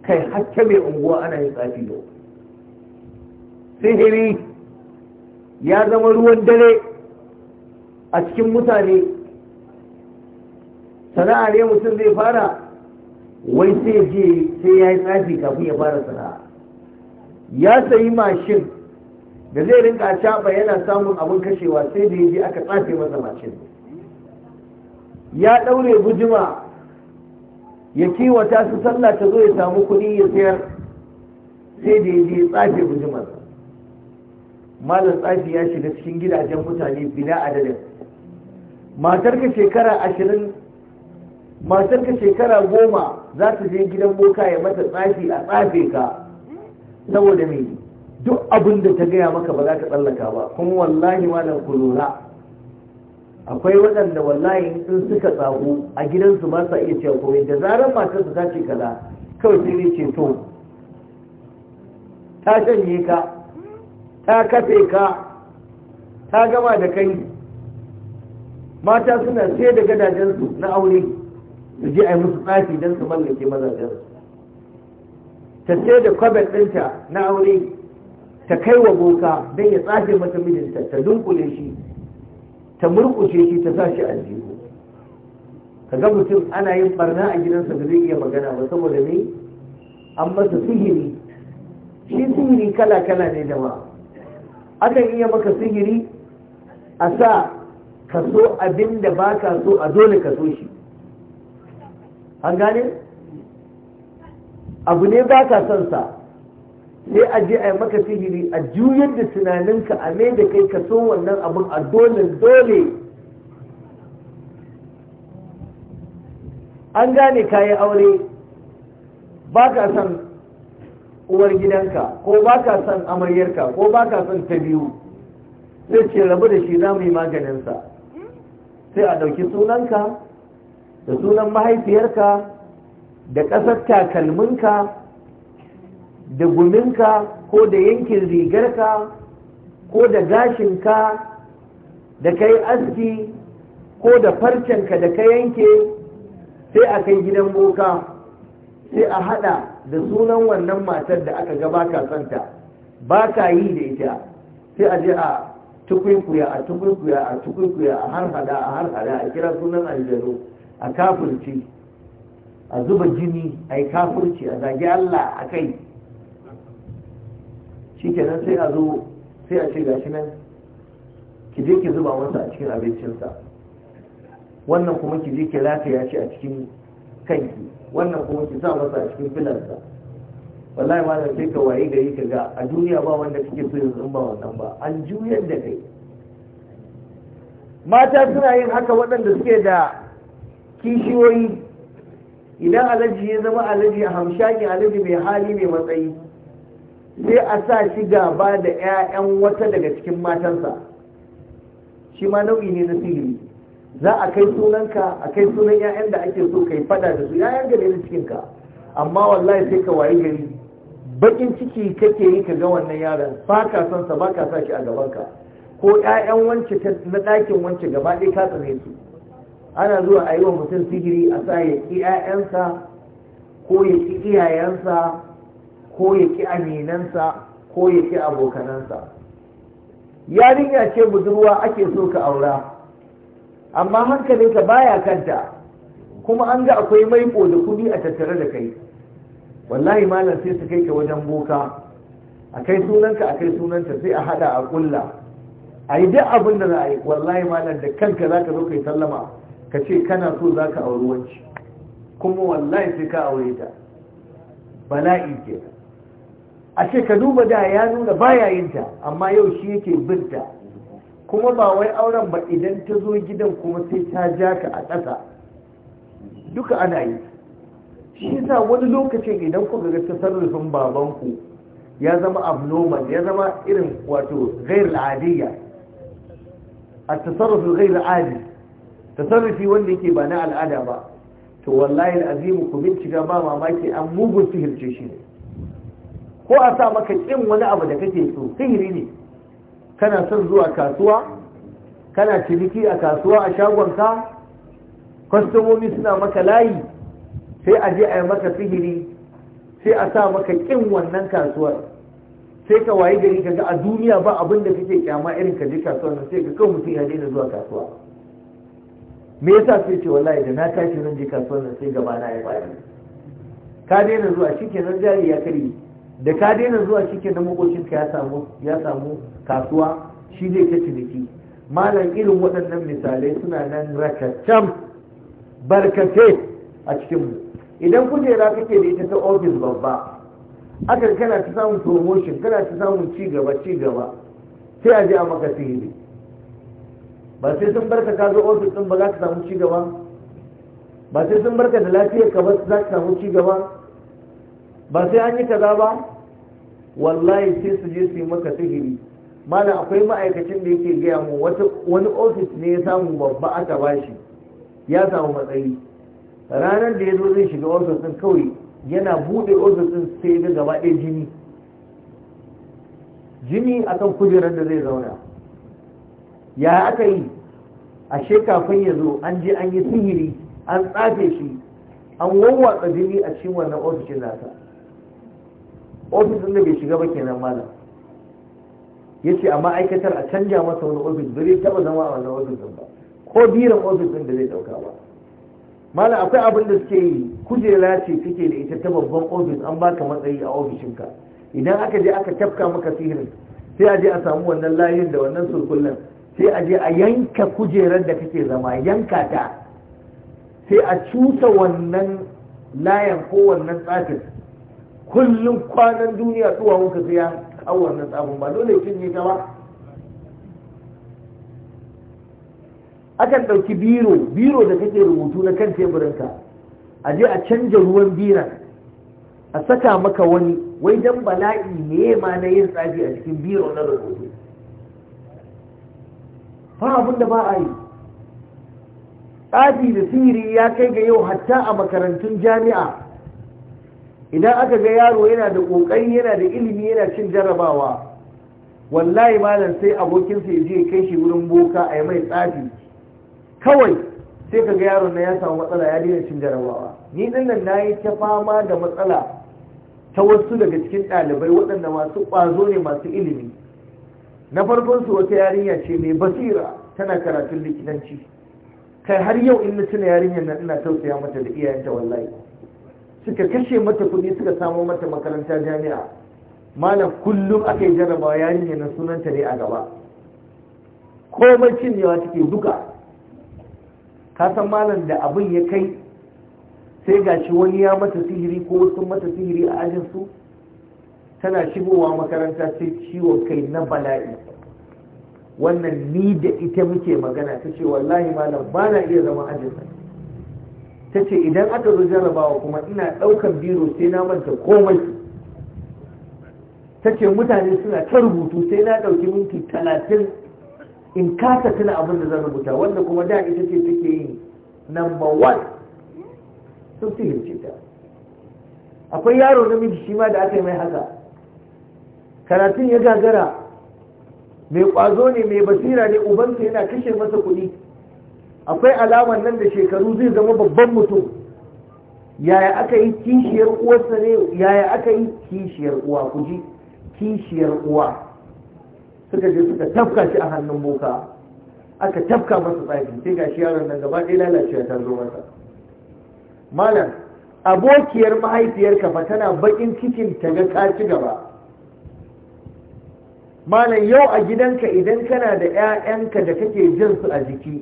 kai hakke mai unguwa ana yin tsafi yau sihiri ya zama ruwan dare a cikin mutane sana'a ne mutum zai fara wai sai je sai ya yi tsafi kafin ya fara sana'a ya sayi mashin da zai rinka caɓa yana samun abin kashewa sai da ya je aka tsafe masa mashin ya ɗaure gujima ya kiwata su sallah ta zo ya samu kuɗi ya sayar sai da ya je tsafe gujimar malam tsafi ya shiga cikin gidajen mutane bila adadin matarka shekara ashirin matarka shekara goma za ta je gidan boka ya mata tsafi a tsafe ka saboda me duk abin da ta gaya maka ba za ka tsallaka ba kuma wallahi malam ku lura akwai waɗanda wallahi in suka tsahu a gidansu ba sa iya cewa komai da zarar matarsu ta ce kaza kawai sai ne ce to ta shanye ka ta kafe ka ta gama da kai mata suna sai da gadajensu na aure su je a yi musu tsafi don su mallake mazajensu ta sai da kwabet ɗinta na aure ta kai wa boka don ya tsafe mata mijinta ta dunkule shi ta murkushe shi ta sa shi a jiho. ka ga mutum ana yin barna a gidansa da zai iya magana ba saboda ne an masa sihiri shi sihiri kala-kala ne da ma akan iya maka sihiri a sa ka so abin da ba ka so a dole ka so shi an gane abu ne ba ka son sa sai a je a yi maka sihiri a juyar da tunaninka a mai da kai ka so wannan abin a dole dole an gane kayan aure ba ka son uwar gidanka ko ba ka son amaryarka ko ba ka son ta biyu sai ce rabu da shi za mu yi maganinsa sai a ɗauki sunanka da sunan mahaifiyarka da ƙasar takalminka da guminka ko da yankin rigarka ko da gashinka da kai aski ko da farcenka da ka yanke sai a kai gidan boka sai a haɗa da sunan wannan matar da aka ka santa ba ka yi da ita sai a je a tukwikuya a tukwikuya a tukwikuya a har hada a har hada a kira sunan aljanu a kafirci a zuba jini a yi kafirci a zagi Allah a kai shi kenan sai a zo sai a ce shi nan ki je ki zuba masa a cikin abincinsa wannan kuma ki je ki lafiya shi a cikin kanki wannan kuma ki sa masa a cikin filarsa. wallahi ma sai ka waye gari ka ga a duniya ba wanda kake so yanzu ba wannan ba an juyar da kai mata suna yin haka waɗanda suke da kishiyoyi idan alaji ya zama alaji a hamshaki alaji mai hali mai matsayi sai a sa shi gaba da 'ya'yan wata daga cikin matansa shi ma nau'i ne na sihiri za a kai sunanka a kai sunan 'ya'yan da ake so kai fada da su 'ya'yan gare na cikinka amma wallahi sai ka wayi gari bakin ciki kake yi ka ga wannan yaron ba ka son sa ba ka sa shi a gabanka ko ƴaƴan wance na ɗakin wance gaba ɗaya ka tsame su ana zuwa a yi wa mutum sigiri a sa ya ƙi ƴaƴansa ko ya ƙi iyayensa ko ya ƙi aminansa ko ya ƙi abokanansa yarinya ce budurwa ake so ka aura amma hankalinka baya kanta kuma an ga akwai maiƙo da kuɗi a tattare da kai wallahi malam sai su kai ka wajen boka a kai sunanka a kai sunanta sai a hada a kulla a yi duk abin da za a yi wallahi malam da kanka za ka zo ka yi sallama ka ce kana so za ka auri wanci kuma wallahi sai ka aure ta bala'i ke a ce ka duba da ya nuna baya yin ta amma yau shi yake bin ta kuma ba wai auren ba idan ta zo gidan kuma sai ta ja ka a ƙasa duka ana yi shi sa wani lokacin idan kuka ga tasarrufin babanku ya zama abnormal ya zama irin wato gair al'adiyya a tasarrufin gair al'adi tasarrufi wanda yake ba na al'ada ba to wallahi al'azimu ku bincika ba mamaki an mugun sihirce shi ko a sa maka kin wani abu da kake so sihiri ne kana son zuwa kasuwa kana ciniki a kasuwa a shagonka kwastomomi suna maka layi sai a je a yi maka sihiri sai a sa maka kin wannan kasuwar sai ka waye gari ka ga a duniya ba abin da kake kyama irin ka je kasuwar sai ka kan mutum ya daina zuwa kasuwa me yasa sai ce wallahi da na tashi zan je kasuwar nan sai gaba na ya bayar ka daina zuwa shikenan jari ya kare da ka daina zuwa shikenan makocin ka ya samu ya samu kasuwa shi zai ta ciniki malam irin waɗannan misalai suna nan rakacam barkatai a cikinmu idan kujera kake da ita ta ofis babba aka kana ta samun promotion kana ta samun cigaba cigaba sai a je a maka sihiri ba sai sun barka ka zo ofis din ba za ka samu cigaba ba sai sun barka da lafiyar ka ba za ka samu cigaba ba sai an yi kaza ba wallahi sai su je su yi maka sihiri malam akwai ma'aikacin da yake gaya mu wani ofis ne ya samu babba aka bashi ya samu matsayi ranar da ya zo zai shiga ofis ɗin kawai yana bude ofis sai ga gaba ɗaya jini jini akan kujerar da zai zauna ya aka yi ashe kafin ya zo an je an yi sihiri an tsafe shi an wawwatsa jini a cikin wannan ofishin nasa ofishin da bai shiga ba kenan malam ya ce a ma'aikatar a canja masa wani ofis ba taba zama a wannan ofis ba ko biran ofis ɗin da zai ɗauka ba malam akwai abin da suke yi kujera ce suke da ita ta babban ofis an baka matsayi a ofishinka idan aka je aka tafka maka sihirin sai a je a samu wannan layin da wannan surkullen sai a je a yanka kujerar da kake zama yanka ta sai a cusa wannan layan ko wannan tsafin kullum kwanan duniya tsuwa muka sai ya kawo wannan tsafin ba dole ya cinye ta ba akan ɗauki biro biro da kake rubutu na kan teburinka a je a canja ruwan biran a saka maka wani wai dan bala'i ne ma na yin tsafi a cikin biro na rubutu fa abin da ba a yi tsafi da sihiri ya kai ga yau hatta a makarantun jami'a idan aka ga yaro yana da ƙoƙari yana da ilimi yana cin jarrabawa wallahi malam sai abokinsa ya je kai shi wurin boka a yi mai tsafi kawai sai ka ga yaron na ya samu matsala ya daina cin jarabawa ni din nan nayi ta fama da matsala ta wasu daga cikin ɗalibai waɗanda masu ƙwazo ne masu ilimi na farkon su wata yarinya ce mai basira tana karatun likitanci kai har yau in na tuna yarinyar nan ina tausaya mata da iyayenta wallahi suka kashe mata kuɗi suka samo mata makaranta jami'a malam kullum aka yi jarrabawa yarinyar nan sunanta ne a gaba komai cinyewa take duka ka san malam da abin ya kai sai gashi wani ya mata sihiri ko sun mata sihiri a ajin su tana shigowa makaranta sai ciwon kai na bala'i wannan ni da ita muke magana ta ce wallahi malam ba na iya zama sa ta ce idan aka zo jarabawa kuma ina ɗaukan biro sai na manta komai ta ce mutane suna ta rubutu sai na ɗauki minti talatin in kasa tuna abin da zan rubuta wanda kuma da ita ce take yi number one sun filince ta akwai yaro namiji shi ma da aka yi mai haka karatun ya gagara mai kwazo ne mai basira ne ubansa yana kashe masa kuɗi akwai alamar nan da shekaru zai zama babban mutum yaya aka yi kishiyar uwarsa ne yaya aka yi kishiyar uwa ku ji kishiyar uwa suka je suka tafka shi a hannun boka aka tafka masa tsafi sai ga shi yaron nan gaba ɗaya lalacewa ta zo masa malam abokiyar mahaifiyarka fa tana bakin cikin ta ga ka ci gaba malam yau a gidanka idan kana da 'ya'yanka da kake jin su a jiki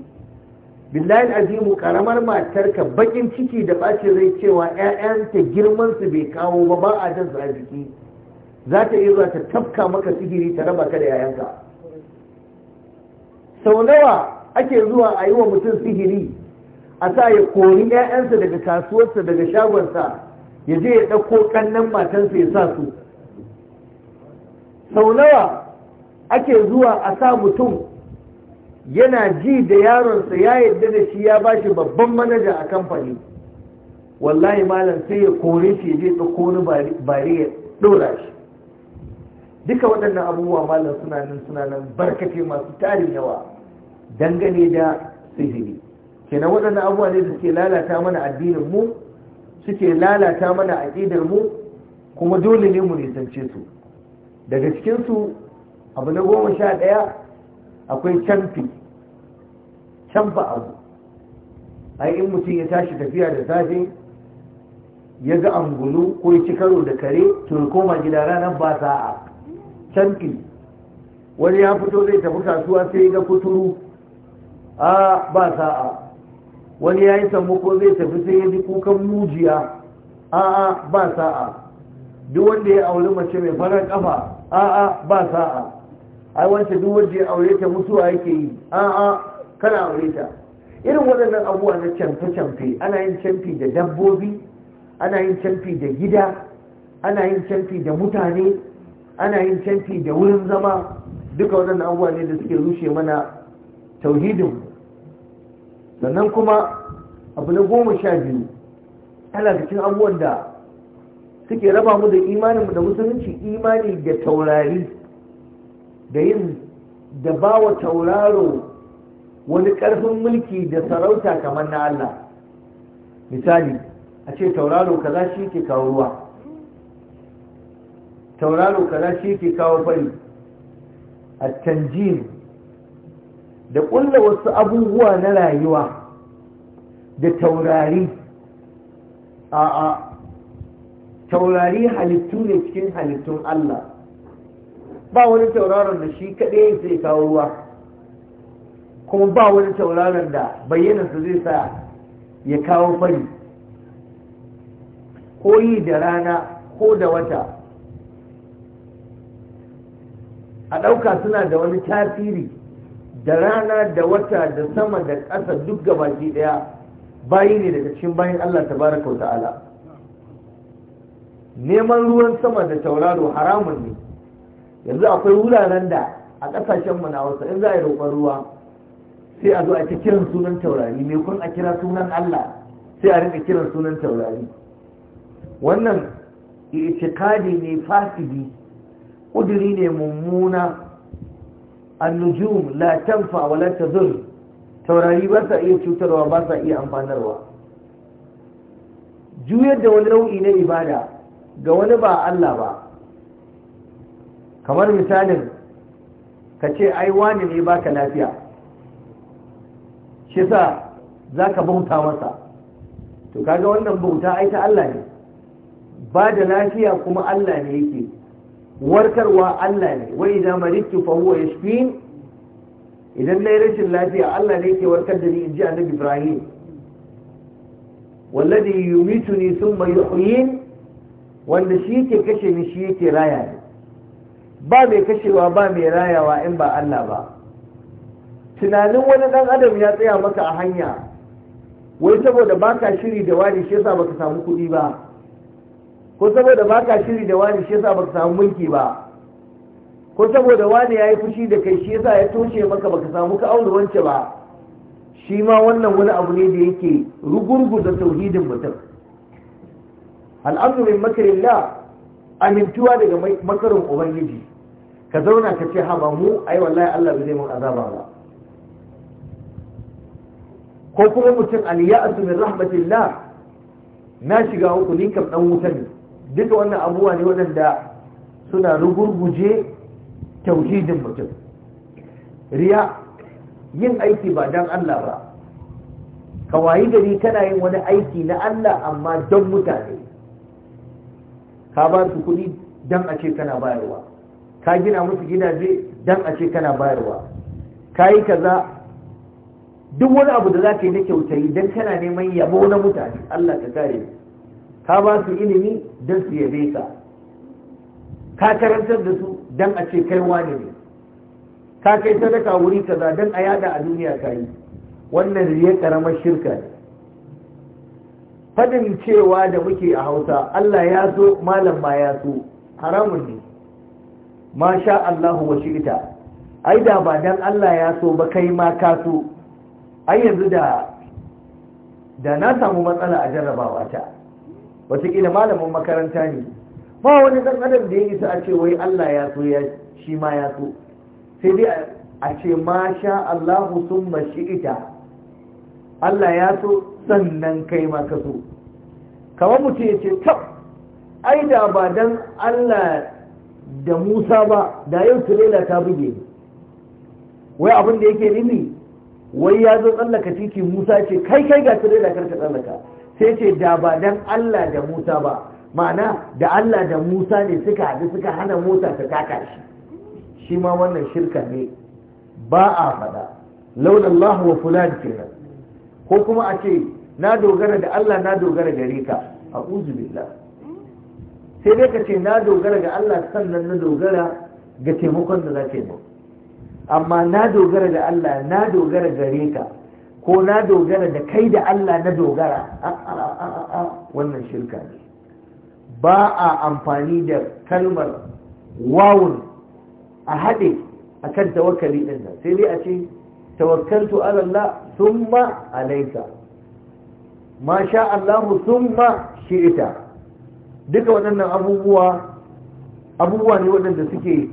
billahi azimu karamar matarka bakin ciki da bace rai cewa 'ya'yanta girman su bai kawo ba ba a jin su a jiki za ta iya zuwa ta tafka maka sihiri ta raba ka da yayanka sau nawa ake zuwa a yi wa mutum sihiri a sa ya kori 'ya'yansa daga kasuwarsa daga shagonsa ya je ya ɗauko ƙannan matansa ya sa su sau nawa ake zuwa a sa mutum yana ji da yaronsa ya yadda da shi ya bashi babban manaja a kamfani wallahi malam sai ya kore shi ya je ɗauko wani bari ya ɗora shi duka waɗannan abubuwa malam suna nan suna nan barkace masu tarin yawa dangane da sihiri kenan waɗannan abubuwa ne da suke lalata mana addinin mu suke lalata mana aƙidar mu kuma dole ne mu nisance su daga cikin su abu na goma sha ɗaya akwai canfi canfa abu ai in mutum ya tashi tafiya da safe ya ga angulu ko ya ci karo da kare to ya koma gida ranar ba sa'a canfi wani ya fito zai tafi kasuwa sai ga kuturu a ba sa'a wani ya yi ko zai tafi sai ya ji kukan mujiya a ba sa'a duk wanda ya auri mace mai farar kafa a'a ba sa'a ai wanda duk wanda ya aure ta mutuwa yake yi a'a kana aure ta irin waɗannan abubuwa na canfe-canfe ana yin canfi da dabbobi ana yin canfi da gida ana yin canfi da mutane ana yin canti da wurin zama duka waɗanda abubuwa ne da suke rushe mana tauhidin sannan kuma abu na goma sha biyu ana cikin abubuwan da suke raba mu da imaninmu da musulunci imani da taurari da yin da ba wa tauraro wani ƙarfin mulki da sarauta kamar na Allah misali a ce tauraro kaza shi ke kawo ruwa tauraro kaza shi ke kawo fari a canjin da ƙulla wasu abubuwa na rayuwa da taurari a a taurari halittu ne cikin halittun Allah ba wani tauraron da shi kaɗai sai kawo ruwa kuma ba wani tauraron da bayyana bayyanarsa zai sa ya kawo fari ko yi da rana ko da wata a ɗauka suna da wani tasiri da rana da wata da sama da ƙasa duk gabaki ɗaya bayi ne daga cikin bayan Allah tabaraka wa ta'ala neman ruwan sama da tauraro haramun ne yanzu akwai wuraren da a ƙasashen mu na wasu in za a yi roƙon ruwa sai a zo a kiran sunan taurari mai kun a kira sunan Allah sai a rika kiran sunan taurari wannan itikadi ne fasidi ƙuduri ne mummuna annujum la tanfa wa la tazur taurari ba sa iya cutarwa ba sa iya amfanarwa juyar da wani nau'i na ibada ga wani ba Allah ba kamar misalin ka ce ai wani ne baka lafiya shi sa za ka bauta masa to kaga wannan bauta ai ta Allah ne ba da lafiya kuma Allah ne yake warkarwa Allah ne wai idan marittu fa huwa yashfin idan nayi rashin lafiya Allah ne yake warkar da ni inji annabi Ibrahim wallazi yumituni thumma yuhyin wanda shi yake kashe ni shi yake raya ni ba mai kashewa ba mai rayawa in ba Allah ba tunanin wani dan adam ya tsaya maka a hanya wai saboda baka shiri da wani shi yasa baka samu kuɗi ba ko saboda ba ka shiri da wani shi yasa baka samu mulki ba ko saboda wani ya yi fushi da kai shi yasa ya toshe maka baka samu ka auna wance ba shi ma wannan wani abu ne da yake da tauhidin mutum al'amdu min la amintuwa daga makarin ubangiji ka zauna ka ce haba mu ai wallahi Allah bai zai mun azaba ba ko kuma mutum aliya'atu min rahmatillah na shiga hukunin ni kam dan wuta ne duka wannan abubuwa ne waɗanda suna rugurguje tauhidin mutum riya yin aiki ba don Allah ba ka wayi gari kana yin wani aiki na Allah amma don mutane ka ba su kuɗi don a ce kana bayarwa ka gina musu gidaje don a ce kana bayarwa ka yi kaza duk wani abu da za ka yi na kyautayi don kana neman yabo na mutane Allah ka kare ka ba su ilimi don su yabe ka ka karantar da su don a ce kai wani ne ka kai sadaka wuri kaza don a yada a duniya ka yi wannan riyar karamar shirka ne fadin cewa da muke a hausa Allah ya so malam ma ya so haramun ne ma sha Allahu wa shi'ita ai da ba dan Allah ya so ba kai ma ka so ai yanzu da da na samu matsala a jarrabawa ta watakila malamin makaranta ne ba wani dan adam da ya isa a ce wai Allah ya so ya shi ma ya so sai dai a ce ma sha Allahu summa shi'ita Allah ya so sannan kai ma ka so kamar mutum ya ce tab ai da ba dan Allah da Musa ba da yau turela ta buge wai abin da yake nufi wai ya zo tsallaka titi Musa ce kai kai ga turela kar ka tsallaka sai ce da ba dan Allah da Musa ba ma'ana da Allah da Musa ne suka haɗu suka hana mota ta taka shi shi ma wannan shirka ne ba a faɗa laula Allah wa fulan kenan ko kuma a ce na dogara da Allah na dogara gare ka a'udhu billah sai dai ka ce na dogara ga Allah sannan na dogara ga taimakon da za ka yi amma na dogara da Allah na dogara gare ka ko na dogara da kai da Allah na dogara wannan shirka ne ba a amfani da kalmar wawun a haɗe a kan tawakkali ɗin nan sai dai a ce tawakkaltu ala Allah summa alaika ma sha Allahu summa shi'ita duka waɗannan abubuwa abubuwa ne waɗanda suke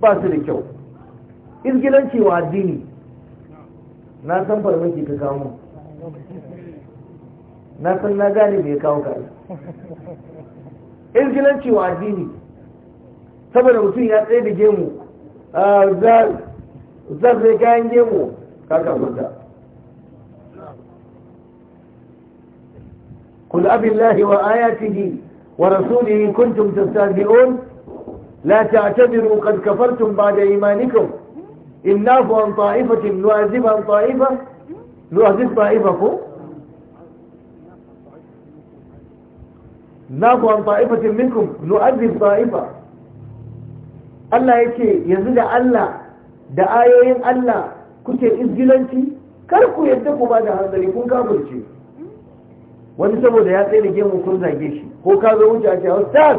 ba su da kyau izgilancewa wa addini na san farmaki ka kawo mu na san na gane me ya kawo ka izgilanci cewa addini saboda mutum ya tsaye da gemu zar zai kayan gemu kaka mutta قل أب الله وآياته ورسوله كنتم تستهزئون لا تعتذروا قد كفرتم بعد إيمانكم imnafu عن طائفة nu'azib عن طائفة nu'azib ta'ifa ko nafu an ta'ifatin minkum nu'azib ta'ifa Allah yake yanzu da Allah da ayoyin Allah kuke izgilanci kar ku yadda ku ba da wani saboda ya tsaye da gemu kun zage shi ko ka zo wuce a ce ustaz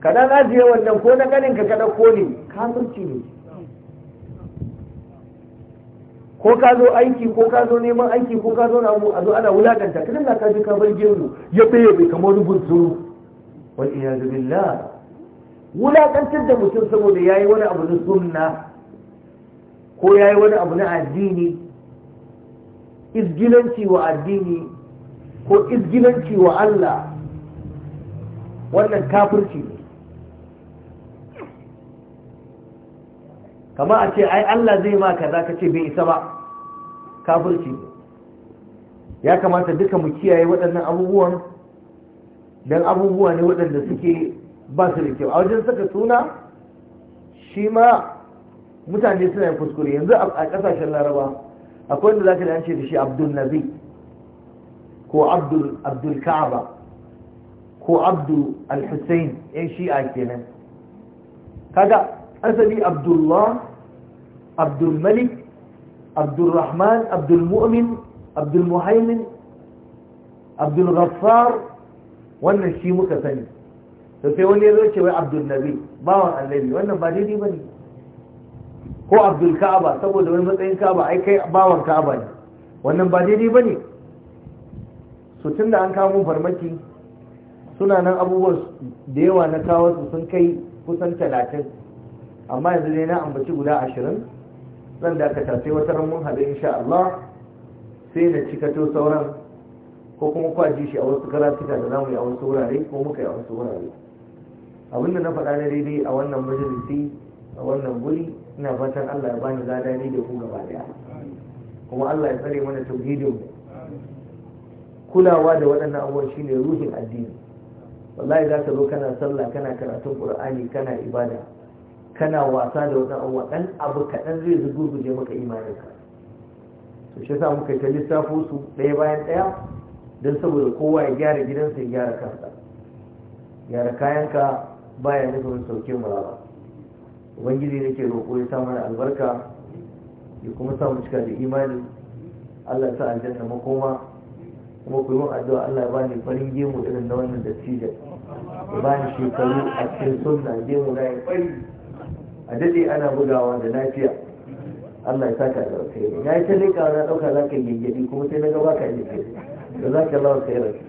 kada na je wannan ko na ganin ka kada ko ne kafirci ne ko ka zo aiki ko ka zo neman aiki ko ka zo na mu a zo ana wulakanta ka na ka ji ka bar gero ya baye bai kamar rubutu wal iyaz billah wulakantar da mutum saboda yayi wani abu na sunna ko yayi wani abu na addini izgilanci wa addini ko izgilanci wa Allah wannan kafirci ne kama a ce ai Allah zai ma kaza ka ce bai isa ba kafirci ya kamata duka mu kiyaye waɗannan abubuwan don abubuwa ne waɗanda suke ba su da kyau a wajen saka suna shi ma mutane suna yin kuskure yanzu a ƙasashen laraba akwai wanda zaka ka da shi abdul nabi ko abdul Abdul ka'aba ko abdul al-hussein yan a kenan kaga asali abdullah abdulmalik abdulrahman abdulmu'min abdulmuhaimin abdulghaffar wannan shi muka sani to sai wani ya zo ce wai abdulnabi bawan annabi wannan ba daidai ba ne ko abdulka'aba saboda wani matsayin ka'aba ai kai bawan ka'aba ne wannan ba daidai ba ne so tun da an kawo farmaki suna nan abubuwan da yawa na kawo su sun kai kusan talatin amma yanzu ne na ambaci guda ashirin zan dakata sai wata mun haɗu insha Allah sai na cikato sauran ko kuma kwaji shi a wasu karatuka da zamu yi a wasu wurare ko muka yi a wasu wurare abinda na faɗa na daidai a wannan majalisi a wannan guri ina fatan Allah ya bani lada ne da ku gaba daya kuma Allah ya tsare mana tauhidin kulawa da waɗannan abubuwan shine ruhin addini wallahi za ka zo kana sallah kana karatun qur'ani kana ibada kana wasa da wani abu ɗan abu kaɗan zai zugurguje maka imaninka to shi sa muka ta lissafo su ɗaya bayan ɗaya don saboda kowa ya gyara gidansa ya gyara kansa gyara kayanka baya nufin sauke muraba ubangiji ke roƙo ya sa mana albarka ya kuma sa cika da imani Allah ya sa aljanna makoma kuma ku yi addu'a Allah ya ba ni farin gemu irin na wannan dattijan ya ba ni shekaru a cikin sunna gemu na ya fari a daɗe ana bugawa da lafiya Allah ya saka da kai ya yi ta leƙa na ɗauka za ka yi kuma sai na gaba ka yi da za ka lawa sai rai